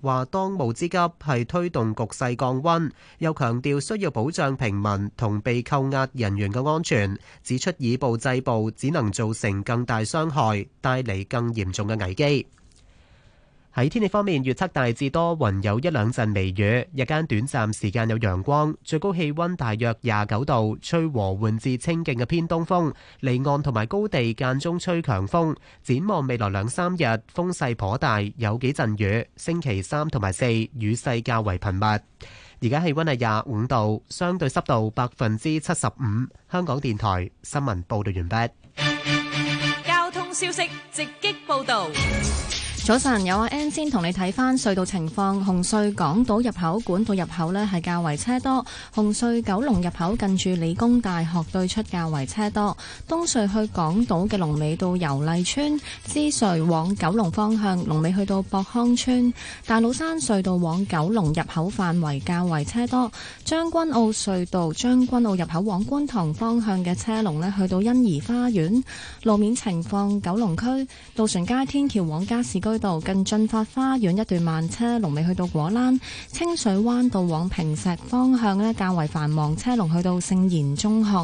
話當務之急係推動局勢降溫，又強調需要保障平民同被扣押人員嘅安全，指出以暴制暴只能造成更大傷害，帶嚟更嚴重嘅危機。喺天氣方面，預測大致多雲，有一兩陣微雨，日間短暫時間有陽光，最高氣溫大約廿九度，吹和緩至清勁嘅偏東風，離岸同埋高地間中吹強風。展望未來兩三日，風勢頗大，有幾陣雨。星期三同埋四，雨勢較為頻密。而家氣溫係廿五度，相對濕度百分之七十五。香港電台新聞報道完畢。交通消息直擊報道。早晨，有阿 N 先同你睇翻隧道情況。紅隧港島入口管道入口呢係較為車多。紅隧九龍入口近住理工大學對出較為車多。東隧去港島嘅龍尾到油麗村，獅隧往九龍方向龍尾去到博康村。大老山隧道往九龍入口範圍較為車多。將軍澳隧道將軍澳入口往觀塘方向嘅車龍呢去到欣怡花園。路面情況，九龍區渡船街天橋往加士居道近駿發花園一段慢車，龍尾去到果欄清水灣道往坪石方向咧，較為繁忙，車龍去到聖賢中學；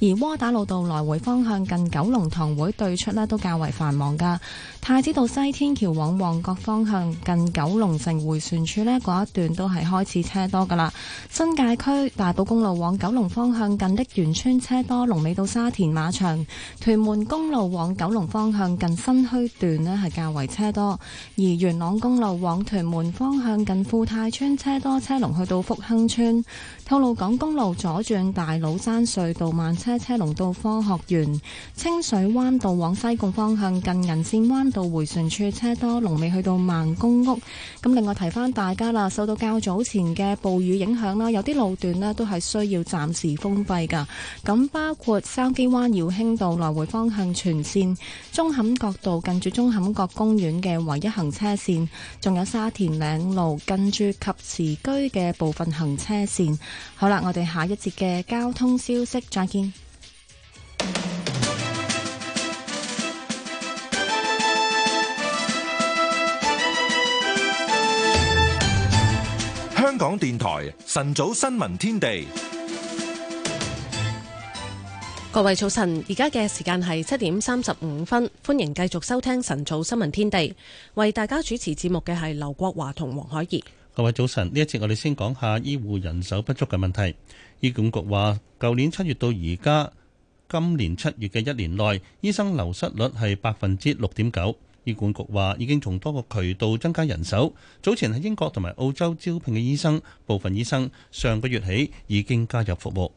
而窩打老道來回方向近九龍塘會對出咧，都較為繁忙噶。太子道西天橋往旺角方向近九龍城回旋處咧，嗰一段都係開始車多噶啦。新界區大埔公路往九龍方向近的員村車多，龍尾到沙田馬場；屯門公路往九龍方向近新墟段咧，係較為車多。而元朗公路往屯門方向近富泰邨，車多車龍，去到福亨村。吐露港公路左轉大老山隧道慢車車龍到科學園，清水灣道往西貢方向近銀線灣道迴旋處車多，龍尾去到孟公屋。咁另外提翻大家啦，受到較早前嘅暴雨影響啦，有啲路段呢都係需要暫時封閉㗎。咁包括筲箕灣耀興道來回方向全線，舂坎角道近住舂坎角公園嘅唯一行車線，仲有沙田嶺路近住及慈居嘅部分行車線。好啦，我哋下一節嘅交通消息再見。香港電台晨早新聞天地，各位早晨，而家嘅時間係七點三十五分，歡迎繼續收聽晨早新聞天地，為大家主持節目嘅係劉國華同黃海怡。各位早晨，呢一節我哋先講下醫護人手不足嘅問題。醫管局話，舊年七月到而家今年七月嘅一年內，醫生流失率係百分之六點九。醫管局話已經從多個渠道增加人手。早前喺英國同埋澳洲招聘嘅醫生，部分醫生上個月起已經加入服務。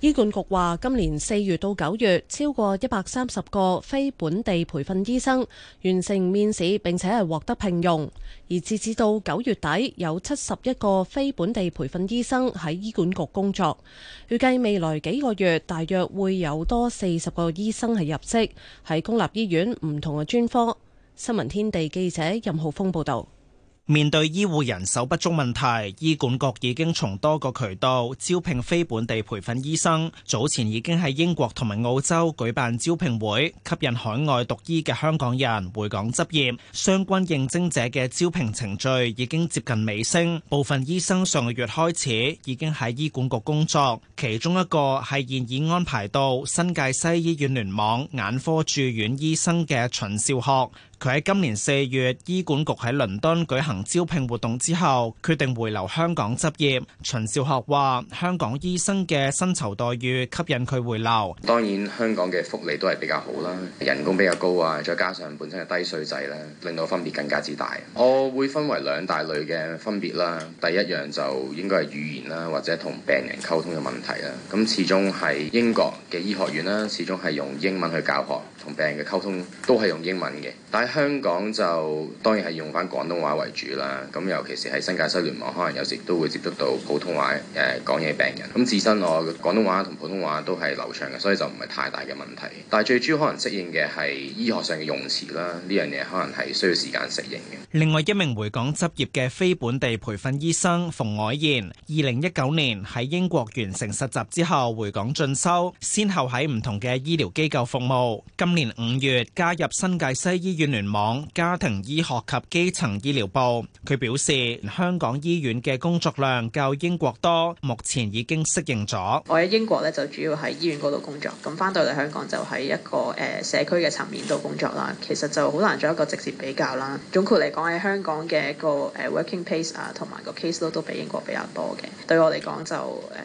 醫管局話，今年四月到九月，超過一百三十個非本地培訓醫生完成面試，並且係獲得聘用。而截止到九月底，有七十一個非本地培訓醫生喺醫管局工作。預計未來幾個月大約會有多四十個醫生係入職喺公立醫院唔同嘅專科。新聞天地記者任浩峰報道。面對醫護人手不足問題，醫管局已經從多個渠道招聘非本地培訓醫生。早前已經喺英國同埋澳洲舉辦招聘會，吸引海外讀醫嘅香港人回港執業。相關應徵者嘅招聘程序已經接近尾聲，部分醫生上個月開始已經喺醫管局工作。其中一個係現已安排到新界西醫院聯網眼科住院醫生嘅秦少學。佢喺今年四月醫管局喺倫敦舉行招聘活動之後，決定回流香港執業。秦少學話：香港醫生嘅薪酬待遇吸引佢回流。當然，香港嘅福利都係比較好啦，人工比較高啊，再加上本身嘅低稅制咧，令到分別更加之大。我會分為兩大類嘅分別啦。第一樣就應該係語言啦，或者同病人溝通嘅問題啦。咁始終係英國嘅醫學院啦，始終係用英文去教學，同病人嘅溝通都係用英文嘅。但係香港就當然係用翻廣東話為主啦。咁尤其是喺新界西聯網，可能有時都會接得到普通話誒、呃、講嘢病人。咁自身我廣東話同普通話都係流暢嘅，所以就唔係太大嘅問題。但係最主要可能適應嘅係醫學上嘅用詞啦。呢樣嘢可能係需要時間適應嘅。另外一名回港執業嘅非本地培訓醫生馮凱賢，二零一九年喺英國完成實習之後回港進修，先後喺唔同嘅醫療機構服務。今年五月加入新界西醫院聯網、家庭醫學及基層醫療部，佢表示香港醫院嘅工作量較英國多，目前已經適應咗。我喺英國咧就主要喺醫院嗰度工作，咁返到嚟香港就喺一個誒社區嘅層面度工作啦。其實就好難做一個直接比較啦。總括嚟講，喺香港嘅一個誒 working pace 啊，同埋個 case 都比英國比較多嘅。對我嚟講就誒。呃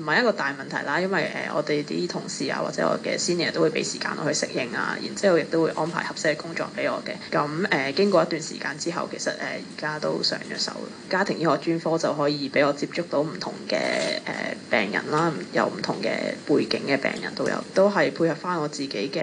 唔係一個大問題啦，因為誒、呃、我哋啲同事啊，或者我嘅 senior 都會俾時間我去適應啊，然之後亦都會安排合適嘅工作俾我嘅。咁誒、呃、經過一段時間之後，其實誒而家都上咗手啦。家庭醫學專科就可以俾我接觸到唔同嘅誒、呃、病人啦，有唔同嘅背景嘅病人都有，都係配合翻我自己嘅。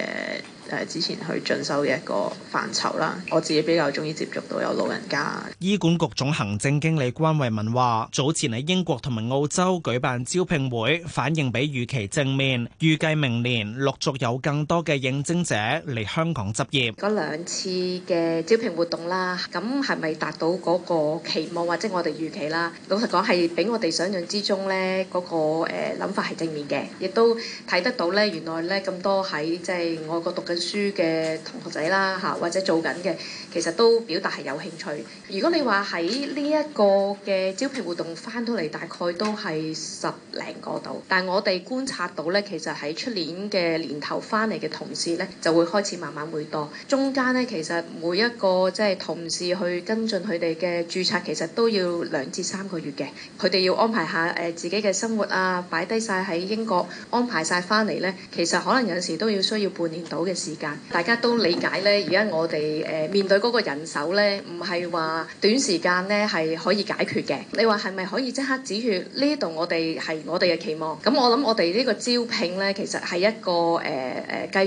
誒之前去進修嘅一個範疇啦，我自己比較中意接觸到有老人家。醫管局總行政經理關惠文話，早前喺英國同埋澳洲舉辦招聘會，反應比預期正面，預計明年陸續有更多嘅應徵者嚟香港執業。嗰兩次嘅招聘活動啦，咁係咪達到嗰個期望或者我哋預期啦？老實講係比我哋想象之中呢，嗰、那個誒諗、呃、法係正面嘅，亦都睇得到呢。原來呢，咁多喺即係外國讀嘅。書嘅同學仔啦嚇，或者做緊嘅，其實都表達係有興趣。如果你話喺呢一個嘅招聘活動翻到嚟，大概都係十零個度。但係我哋觀察到呢，其實喺出年嘅年頭翻嚟嘅同事呢，就會開始慢慢會多。中間呢，其實每一個即係、就是、同事去跟進佢哋嘅註冊，其實都要兩至三個月嘅。佢哋要安排下誒自己嘅生活啊，擺低晒喺英國，安排晒翻嚟呢。其實可能有陣時都要需要半年度嘅。時間，大家都理解咧。而家我哋誒、呃、面對嗰個人手咧，唔係話短時間咧係可以解決嘅。你話係咪可以即刻止血？呢度我哋係我哋嘅期望。咁我諗我哋呢個招聘咧，其實係一個誒誒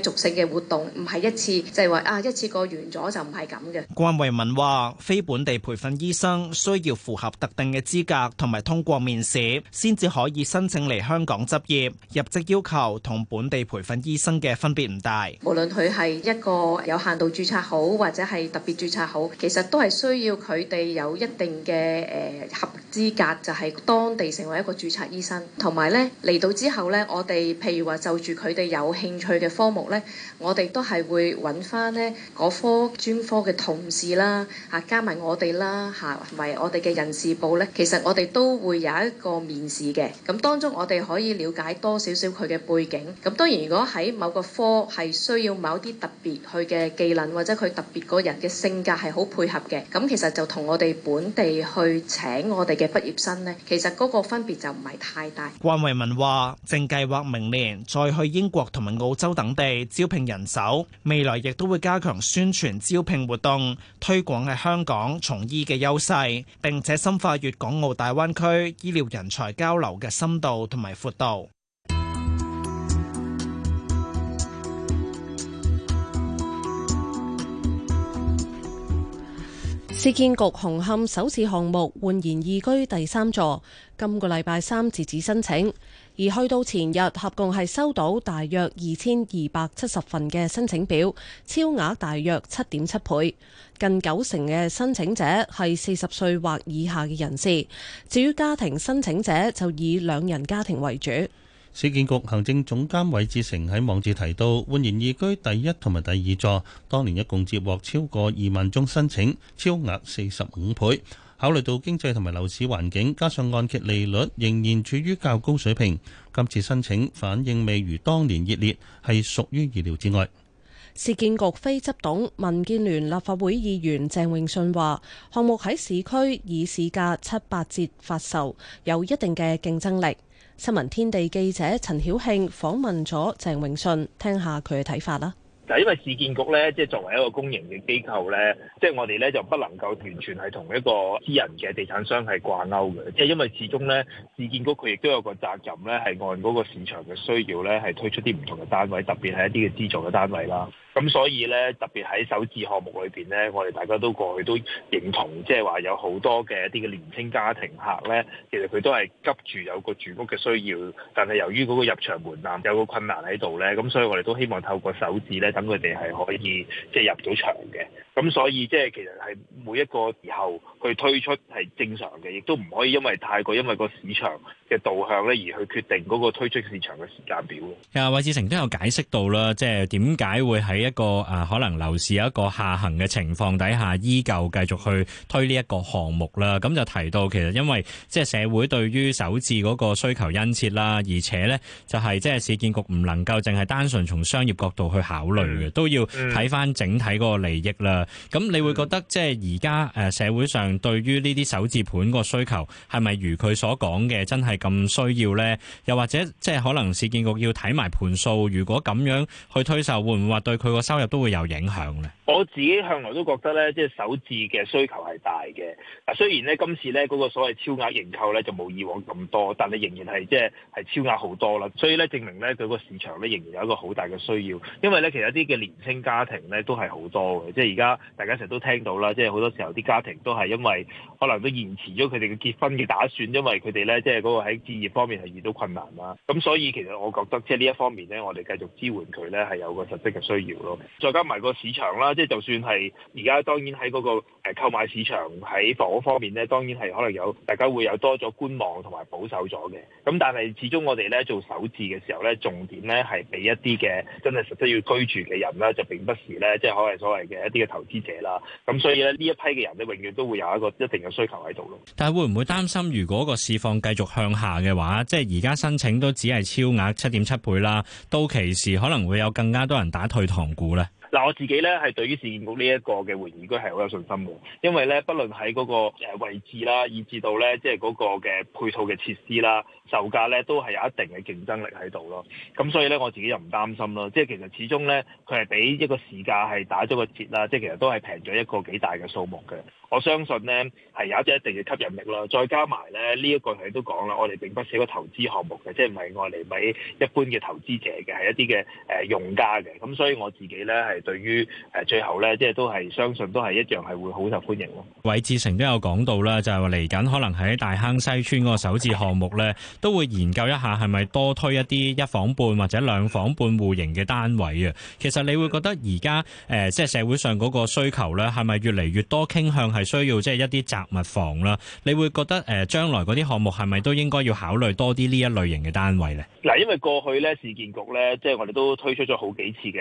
繼續性嘅活動，唔係一次就係、即係、話啊一次過完咗就唔係咁嘅。關衞民話：非本地培訓醫生需要符合特定嘅資格，同埋通過面試先至可以申請嚟香港執業。入職要求同本地培訓醫生嘅分別唔大。無論佢係一個有限度注冊好，或者係特別注冊好，其實都係需要佢哋有一定嘅誒、呃、合資格，就係、是、當地成為一個注冊醫生。同埋咧嚟到之後咧，我哋譬如話就住佢哋有興趣嘅科目咧，我哋都係會揾翻咧嗰科專科嘅同事啦，吓加埋我哋啦，吓唔係我哋嘅人事部咧，其實我哋都會有一個面試嘅。咁當中我哋可以了解多少少佢嘅背景。咁當然，如果喺某個科系需要某啲特別佢嘅技能，或者佢特別個人嘅性格係好配合嘅。咁其實就同我哋本地去請我哋嘅畢業生呢，其實嗰個分別就唔係太大。關惠文話：正計劃明年再去英國同埋澳洲等地招聘人手，未來亦都會加強宣傳招聘活動，推廣喺香港從醫嘅優勢，並且深化粵港澳大灣區醫療人才交流嘅深度同埋闊度。市建局紅磡首次項目煥然懿居第三座，今個禮拜三截止申請，而去到前日合共係收到大約二千二百七十份嘅申請表，超額大約七點七倍，近九成嘅申請者係四十歲或以下嘅人士，至於家庭申請者就以兩人家庭為主。市建局行政總監韋志成喺網誌提到，煥然二居第一同埋第二座當年一共接獲超過二萬宗申請，超額四十五倍。考慮到經濟同埋樓市環境，加上按揭利率仍然處於較高水平，今次申請反應未如當年熱烈，係屬於意料之外。市建局非執董民建聯立法會議員鄭永信話：項目喺市區以市價七八折發售，有一定嘅競爭力。新聞天地記者陳曉慶訪問咗鄭榮信，聽下佢嘅睇法啦。就因為市建局咧，即係作為一個公營嘅機構咧，即係我哋咧就不能夠完全係同一個私人嘅地產商係掛鈎嘅。即係因為始終咧，市建局佢亦都有個責任咧，係按嗰個市場嘅需要咧，係推出啲唔同嘅單位，特別係一啲嘅資助嘅單位啦。咁所以咧，特別喺首置項目裏邊咧，我哋大家都過去都認同，即係話有好多嘅一啲嘅年輕家庭客咧，其實佢都係急住有個住屋嘅需要，但係由於嗰個入場門檻有個困難喺度咧，咁所以我哋都希望透過首置咧，等佢哋係可以即係入到場嘅。咁所以即係其實係每一個時候去推出係正常嘅，亦都唔可以因為太過因為個市場嘅導向咧而去決定嗰個推出市場嘅時間表。啊，韋志成都有解釋到啦，即係點解會喺一個啊可能樓市有一個下行嘅情況底下，依舊繼續去推呢一個項目啦。咁就提到其實因為即係社會對於首置嗰個需求殷切啦，而且咧就係即係市建局唔能夠淨係單純從商業角度去考慮嘅，都要睇翻整體嗰個利益啦。咁你會覺得即係而家誒社會上對於呢啲首置盤個需求係咪如佢所講嘅真係咁需要呢？又或者即係可能市建局要睇埋盤數，如果咁樣去推售，會唔會話對佢個收入都會有影響呢？我自己向來都覺得呢，即係首置嘅需求係大嘅。嗱，雖然呢今次呢嗰個所謂超額認購呢就冇以往咁多，但係仍然係即係係超額好多啦。所以呢證明呢佢個市場呢仍然有一個好大嘅需要，因為呢其實啲嘅年輕家庭呢都係好多嘅，即係而家。大家成日都聽到啦，即係好多時候啲家庭都係因為可能都延遲咗佢哋嘅結婚嘅打算，因為佢哋咧即係嗰個喺置業方面係遇到困難啦。咁所以其實我覺得即係呢一方面咧，我哋繼續支援佢咧係有個實質嘅需要咯。再加埋個市場啦，即係就算係而家當然喺嗰個誒購買市場喺房屋方面咧，當然係可能有大家會有多咗觀望同埋保守咗嘅。咁但係始終我哋咧做首置嘅時候咧，重點咧係俾一啲嘅真係實質要居住嘅人啦，就並不是咧即係所謂所謂嘅一啲嘅投投資者啦，咁所以咧，呢一批嘅人咧，永遠都會有一個一定嘅需求喺度咯。但係會唔會擔心，如果個市況繼續向下嘅話，即係而家申請都只係超額七點七倍啦，到期時可能會有更加多人打退堂鼓呢？嗱我自己咧，係對於市建局呢一個嘅會議，都係好有信心嘅，因為咧，不論喺嗰個位置啦，以至到咧即係嗰個嘅配套嘅設施啦，售價咧都係有一定嘅競爭力喺度咯。咁所以咧，我自己又唔擔心咯。即係其實始終咧，佢係比一個市價係打咗個折啦，即係其實都係平咗一個幾大嘅數目嘅。我相信呢，係有一一定嘅吸引力啦。再加埋呢，呢、這、一個佢都講啦，我哋並不是一個投資項目嘅，即係唔係外嚟喺一般嘅投資者嘅，係一啲嘅誒用家嘅。咁所以我自己呢，係對於誒、呃、最後呢，即係都係相信都係一樣，係會好受歡迎咯。韋志成都有講到啦，就係話嚟緊可能喺大坑西村嗰個首置項目呢，都會研究一下係咪多推一啲一房半或者兩房半戶型嘅單位啊。其實你會覺得而家誒即係社會上嗰個需求呢，係咪越嚟越多傾向係需要即係一啲雜物房啦，你會覺得誒將、呃、來嗰啲項目係咪都應該要考慮多啲呢一類型嘅單位呢？嗱，因為過去呢市建局呢，即、就、係、是、我哋都推出咗好幾次嘅。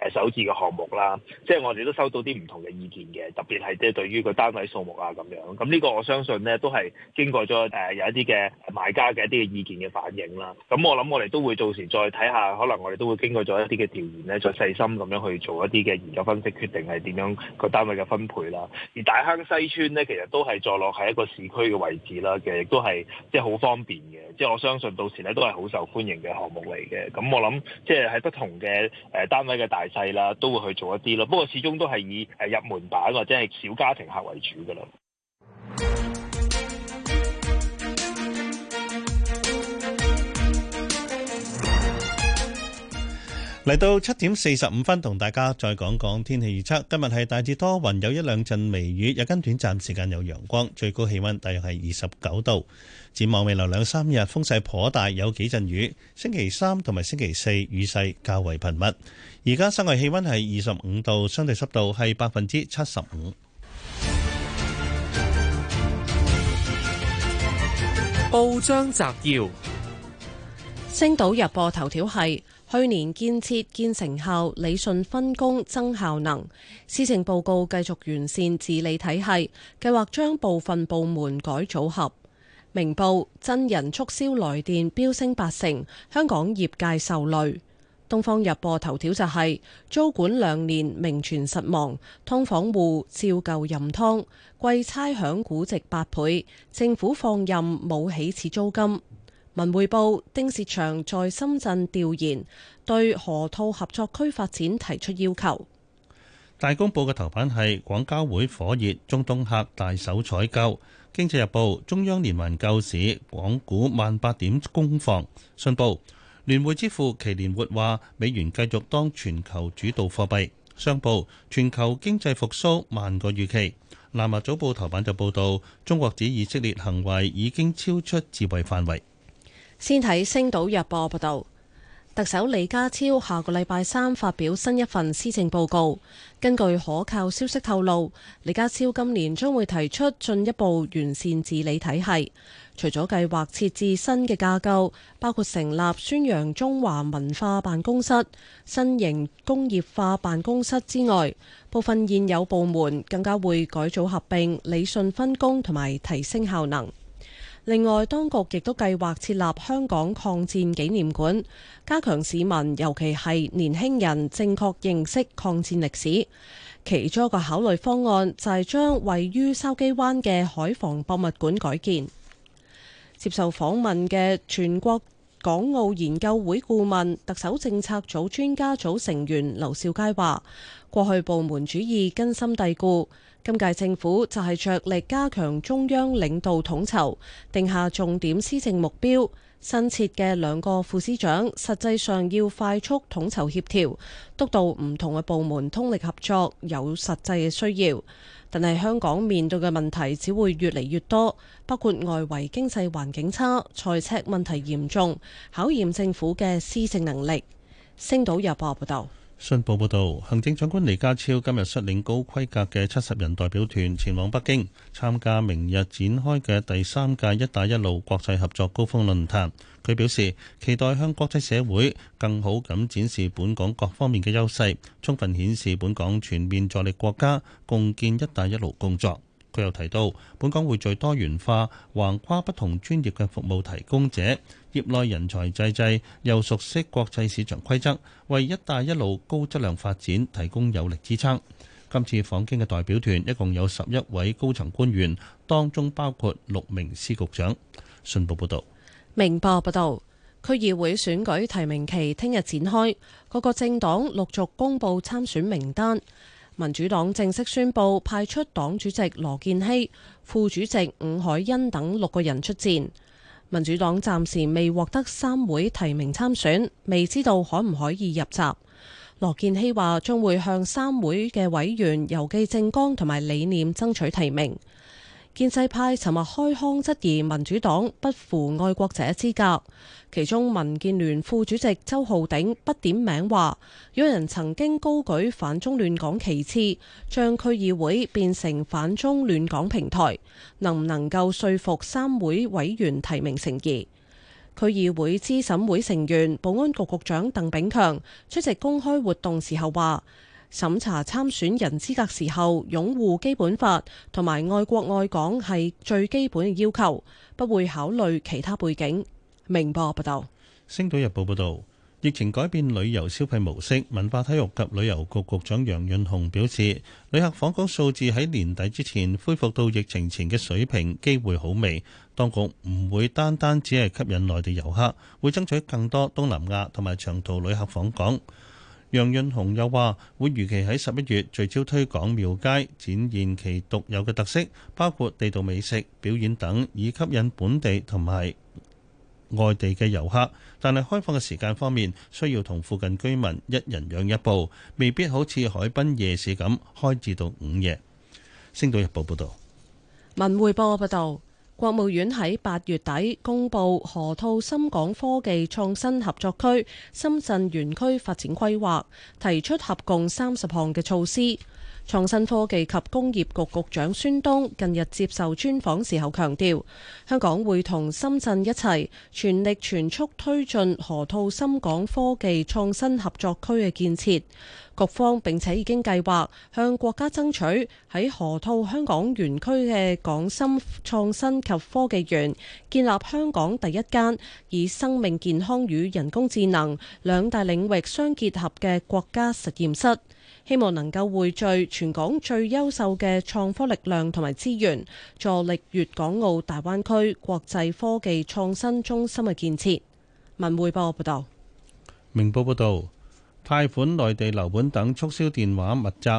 誒首置嘅項目啦，即係我哋都收到啲唔同嘅意見嘅，特別係即係對於個單位數目啊咁樣，咁呢個我相信咧都係經過咗誒、呃、有一啲嘅買家嘅一啲嘅意見嘅反映啦。咁我諗我哋都會到時再睇下，可能我哋都會經過咗一啲嘅調研咧，再細心咁樣去做一啲嘅研究分析，決定係點樣個單位嘅分配啦。而大坑西村咧，其實都係坐落喺一個市區嘅位置啦，其實亦都係即係好方便嘅，即係我相信到時咧都係好受歡迎嘅項目嚟嘅。咁我諗即係喺不同嘅誒、呃、單位嘅大製啦，都會去做一啲咯。不過始終都係以誒、呃、入門版或者係小家庭客為主噶啦。嚟到七點四十五分，同大家再講講天氣預測。今日係大致多雲，有一兩陣微雨，日間短暫時間有陽光。最高氣溫大約係二十九度。展望未來兩三日，風勢頗大，有幾陣雨。星期三同埋星期四雨勢較為頻密。而家室外氣溫係二十五度，相對濕度係百分之七十五。報章摘要：《星島日報》頭條係。去年建設見成效，理順分工增效能。施政報告繼續完善治理體系，計劃將部分部門改組合。明報，真人促銷來電飆升八成，香港業界受累。《東方日報》頭條就係、是、租管兩年名存實亡，劏房戶照舊任劏，貴差餉估值八倍，政府放任冇起始租金。文匯報丁薛祥在深圳調研，對河套合作區發展提出要求。大公報嘅頭版係廣交會火熱，中東客大手採購。經濟日報中央連環救市，港股萬八點攻防。信報聯匯支付期連活話美元繼續當全球主導貨幣。商報全球經濟復甦慢過預期。南華早報頭版就報道中國指以色列行為已經超出自衛範圍。先睇星島日報報道，特首李家超下個禮拜三發表新一份施政報告。根據可靠消息透露，李家超今年將會提出進一步完善治理體系，除咗計劃設置新嘅架構，包括成立宣揚中華文化辦公室、新型工業化辦公室之外，部分現有部門更加會改組合併、理順分工同埋提升效能。另外，當局亦都計劃設立香港抗戰紀念館，加強市民，尤其係年輕人正確認識抗戰歷史。其中一個考慮方案就係將位於筲箕灣嘅海防博物館改建。接受訪問嘅全國港澳研究會顧問、特首政策組專家組成員劉兆佳話，過去部門主義根深蒂固。今屆政府就係着力加強中央領導統籌，定下重點施政目標。新設嘅兩個副司長，實際上要快速統籌協調，督導唔同嘅部門通力合作，有實際嘅需要。但係香港面對嘅問題只會越嚟越多，包括外圍經濟環境差、財赤問題嚴重，考驗政府嘅施政能力。星島日報報道。信報報道，行政長官李家超今日率領高規格嘅七十人代表團前往北京，參加明日展開嘅第三屆「一帶一路」國際合作高峰論壇。佢表示，期待向國際社會更好咁展示本港各方面嘅優勢，充分顯示本港全面助力國家共建「一帶一路」工作。佢又提到，本港會最多元化、橫跨不同專業嘅服務提供者。業內人才濟濟，又熟悉國際市場規則，為「一帶一路」高質量發展提供有力支撐。今次訪京嘅代表團一共有十一位高層官員，當中包括六名司局長。信報報道，明報報道，區議會選舉提名期聽日展開，各個政黨陸續公布參選名單。民主黨正式宣布派出黨主席羅健熙、副主席伍凱欣等六個人出戰。民主黨暫時未獲得三會提名參選，未知道可唔可以入閘。羅健熙話將會向三會嘅委員郵寄政綱同埋理念爭取提名。建制派尋日開腔質疑民主黨不符愛國者資格，其中民建聯副主席周浩鼎不點名話：有人曾經高舉反中亂港旗幟，將區議會變成反中亂港平台，能唔能夠說服三會委員提名成疑？區議會資審會成員保安局局長鄧炳強出席公開活動時候話，審查參選人資格時候，擁護基本法同埋愛國愛港係最基本嘅要求，不會考慮其他背景。明報報道，《星島日報》報道，疫情改變旅遊消費模式。文化體育及旅遊局局長楊潤雄表示，旅客訪港數字喺年底之前恢復到疫情前嘅水平，機會好微。當局唔會單單只係吸引內地遊客，會爭取更多東南亞同埋長途旅客訪港。楊潤雄又話會預期，喺十一月聚焦推廣廟街，展現其獨有嘅特色，包括地道美食、表演等，以吸引本地同埋外地嘅遊客。但係開放嘅時間方面，需要同附近居民一人讓一步，未必好似海濱夜市咁開至到午夜。星島日報報道，文匯報報道。國務院喺八月底公布《河套深港科技創新合作區深圳園區發展規劃》，提出合共三十項嘅措施。創新科技及工業局局長孫東近日接受專訪時候強調，香港會同深圳一齊全力全速推進河套深港科技創新合作區嘅建設。局方並且已經計劃向國家爭取喺河套香港園區嘅港深創新及科技園，建立香港第一間以生命健康與人工智能兩大領域相結合嘅國家實驗室。希望能夠匯聚全港最優秀嘅創科力量同埋資源，助力粵港澳大灣區國際科技創新中心嘅建設。文匯報報道。明報報道，貸款、內地樓盤等促銷電話密集，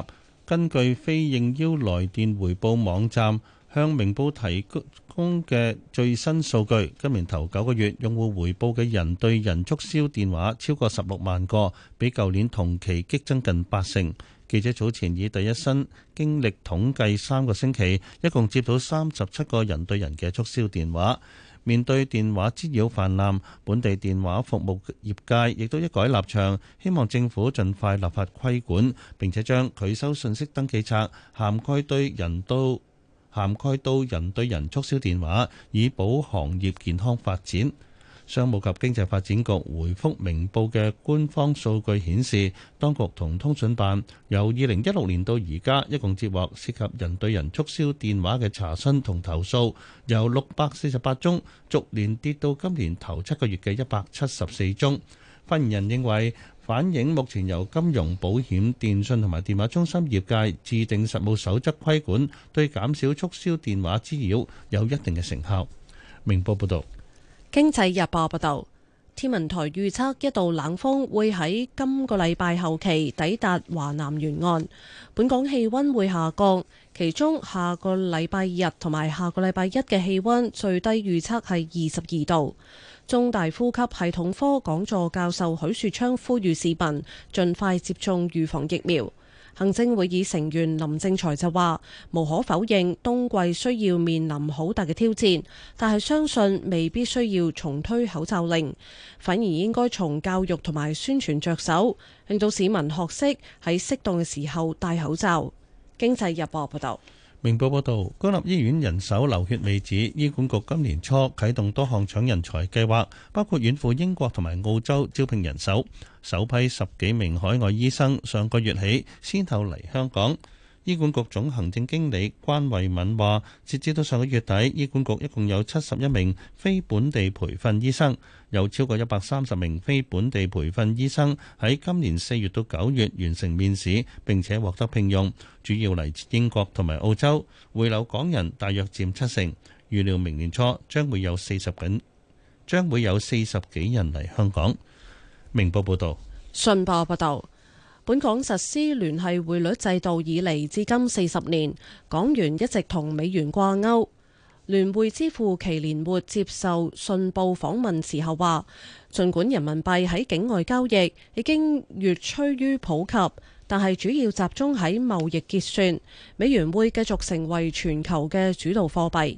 根據非應邀來電回報網站向明報提供嘅最新數據，今年頭九個月，用戶回報嘅人對人促銷電話超過十六萬個，比舊年同期激增近八成。記者早前以第一身經歷統計三個星期，一共接到三十七個人對人嘅促銷電話。面對電話滋擾泛濫，本地電話服務業界亦都一改立場，希望政府盡快立法規管，並且將拒收訊息登記冊涵蓋對人都。涵蓋到人對人促銷電話，以保行業健康發展。商務及經濟發展局回覆明報嘅官方數據顯示，當局同通訊辦由二零一六年到而家，一共接獲涉及人對人促銷電話嘅查詢同投訴，由六百四十八宗逐年跌到今年頭七個月嘅一百七十四宗。發言人認為，反映目前由金融、保險、電信同埋電話中心業界制定實務守則規管，對減少促銷電話滋擾有一定嘅成效。明報報道。經濟日報報道，天文台預測一道冷風會喺今個禮拜後期抵達華南沿岸，本港氣溫會下降，其中下個禮拜日同埋下個禮拜一嘅氣溫最低預測係二十二度。中大呼吸系統科講座教授許樹昌呼籲市民盡快接種預防疫苗。行政會議成員林正財就話，無可否認冬季需要面臨好大嘅挑戰，但係相信未必需要重推口罩令，反而應該從教育同埋宣傳着手，令到市民學識喺適當嘅時候戴口罩。經濟日報報道。明報報道，公立醫院人手流血未止，醫管局今年初啟動多項搶人才計劃，包括遠赴英國同埋澳洲招聘人手。首批十幾名海外醫生上個月起先後嚟香港。醫管局總行政經理關慧敏話，截至到上個月底，醫管局一共有七十一名非本地培訓醫生。有超過一百三十名非本地培訓醫生喺今年四月到九月完成面試，並且獲得聘用。主要嚟自英國同埋澳洲，回流港人大約佔七成。預料明年初將會有四十幾將會有四十幾人嚟香港。明報報道：「信報報道，本港實施聯繫匯率制度以嚟至今四十年，港元一直同美元掛鈎。聯匯之父祁連活接受信報訪問時候話，盡管人民幣喺境外交易已經越趨於普及，但係主要集中喺貿易結算，美元會繼續成為全球嘅主導貨幣。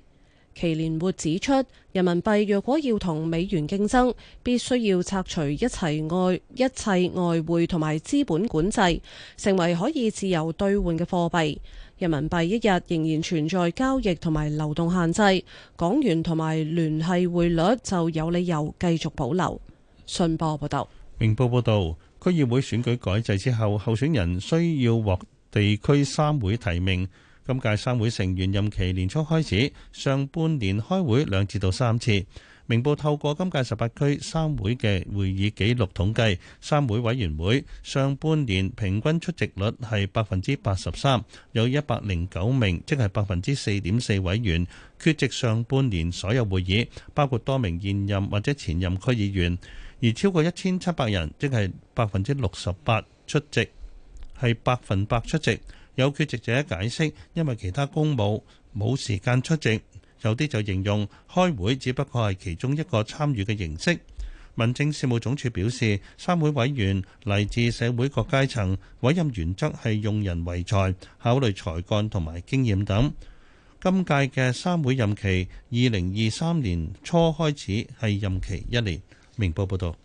祁連活指出，人民幣若果要同美元競爭，必須要拆除一切外一切外匯同埋資本管制，成為可以自由兌換嘅貨幣。人民幣一日仍然存在交易同埋流動限制，港元同埋聯繫匯率就有理由繼續保留。信報報道。明報報道，區議會選舉改制之後，候選人需要獲地區三會提名。今屆三會成員任期年初開始，上半年開會兩至到三次。明報透過今屆十八區三會嘅會議紀錄統計，三會委員會上半年平均出席率係百分之八十三，有一百零九名，即係百分之四點四委員缺席上半年所有會議，包括多名現任或者前任區議員，而超過一千七百人，即係百分之六十八出席，係百分百出席。有缺席者解釋，因為其他公務冇時間出席。有啲就形容開會只不過係其中一個參與嘅形式。民政事務總署表示，三會委員嚟自社會各階層，委任原則係用人唯才，考慮才幹同埋經驗等。今屆嘅三會任期，二零二三年初開始，係任期一年。明報報道。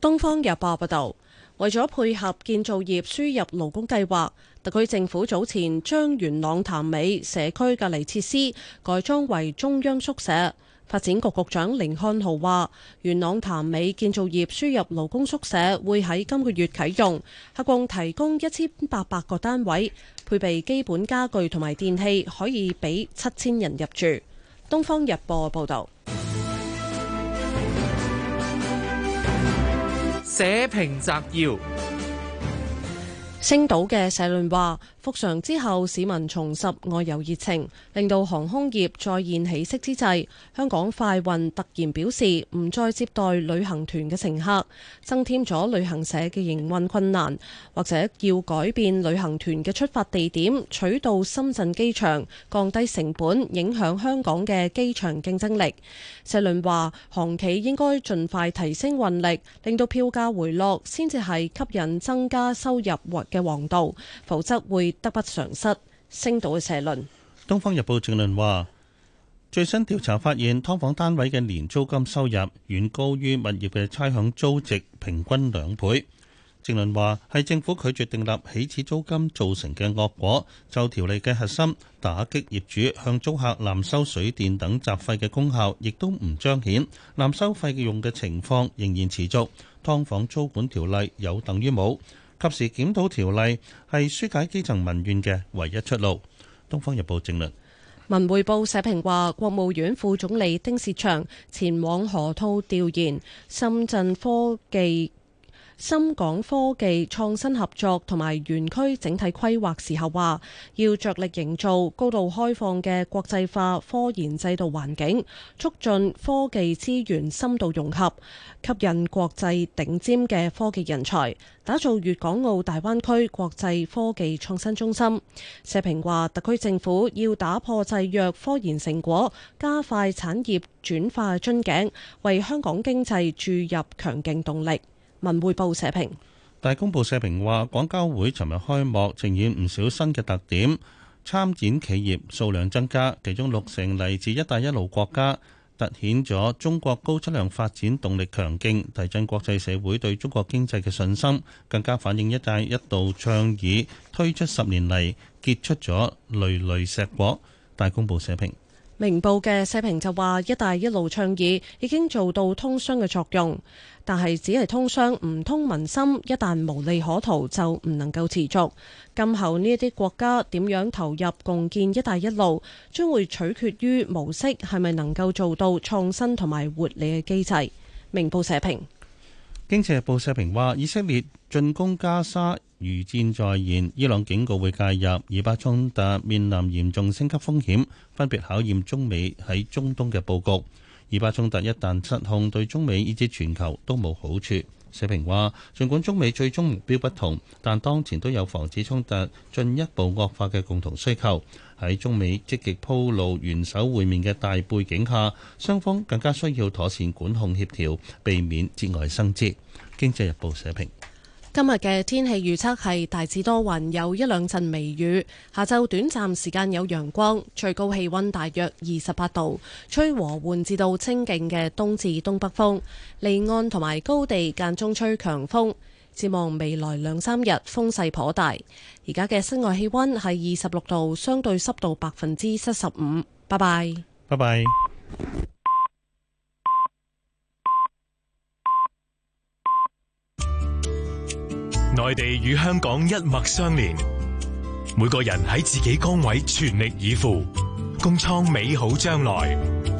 東方日報報道，為咗配合建造業輸入勞工計劃。特區政府早前將元朗潭尾社區隔離設施改裝為中央宿舍。發展局局長凌漢豪話：元朗潭尾建造業輸入勞工宿舍會喺今個月啟用，合共提供一千八百個單位，配備基本家具同埋電器，可以俾七千人入住。東方日報報道。社評摘要。星島嘅社論話。復常之後，市民重拾外遊熱情，令到航空業再現起色之際，香港快運突然表示唔再接待旅行團嘅乘客，增添咗旅行社嘅營運困難，或者要改變旅行團嘅出發地點，取到深圳機場，降低成本，影響香港嘅機場競爭力。社論話：航企應該盡快提升運力，令到票價回落，先至係吸引增加收入嘅王道，否則會得不償失，星島社論。《東方日報》政論話，最新調查發現，劏房單位嘅年租金收入遠高於物業嘅差餉租值平均兩倍。政論話，係政府拒絕訂立起始租金造成嘅惡果。就條例嘅核心，打擊業主向租客濫收水電等雜費嘅功效，亦都唔彰顯濫收費用嘅情況仍然持續，劏房租管條例有等於冇。及時檢討條例係紓解基層民怨嘅唯一出路。東方日報正論，文匯報社評話，國務院副總理丁薛祥前往河套調研深圳科技。深港科技創新合作同埋園區整體規劃時候，話，要着力營造高度開放嘅國際化科研制度環境，促進科技資源深度融合，吸引國際頂尖嘅科技人才，打造粵港澳大灣區國際科技創新中心。社評話特區政府要打破制約科研成果，加快產業轉化樽頸，為香港經濟注入強勁動力。文匯報社評，大公報社評話：廣交會尋日開幕，呈現唔少新嘅特點。參展企業數量增加，其中六成嚟自“一帶一路”國家，凸顯咗中國高質量發展動力強勁，提振國際社會對中國經濟嘅信心，更加反映“一帶一路”倡議推出十年嚟結出咗累累碩果。大公報社評。明報嘅社評就話，一帶一路倡議已經做到通商嘅作用，但係只係通商唔通民心，一旦無利可圖就唔能夠持續。今後呢一啲國家點樣投入共建一帶一路，將會取決於模式係咪能夠做到創新同埋活理嘅機制。明報社評。《經濟日報》社評話：以色列進攻加沙如箭在弦，伊朗警告會介入，以巴衝突面臨嚴重升級風險，分別考驗中美喺中東嘅佈局。以巴衝突一旦失控，對中美以至全球都冇好處。社評話：儘管中美最終目標不同，但當前都有防止衝突進一步惡化嘅共同需求。喺中美積極鋪路、元首會面嘅大背景下，雙方更加需要妥善管控協調，避免節外生枝。經濟日報社評：今日嘅天氣預測係大致多雲，有一兩陣微雨。下晝短暫時間有陽光，最高氣温大約二十八度，吹和緩至到清勁嘅東至東北風，離岸同埋高地間中吹強風。展望未來兩三日風勢頗大，而家嘅室外氣溫係二十六度，相對濕度百分之七十五。拜拜，拜拜。bye 內地與香港一脈相連，每個人喺自己崗位全力以赴，共創美好將來。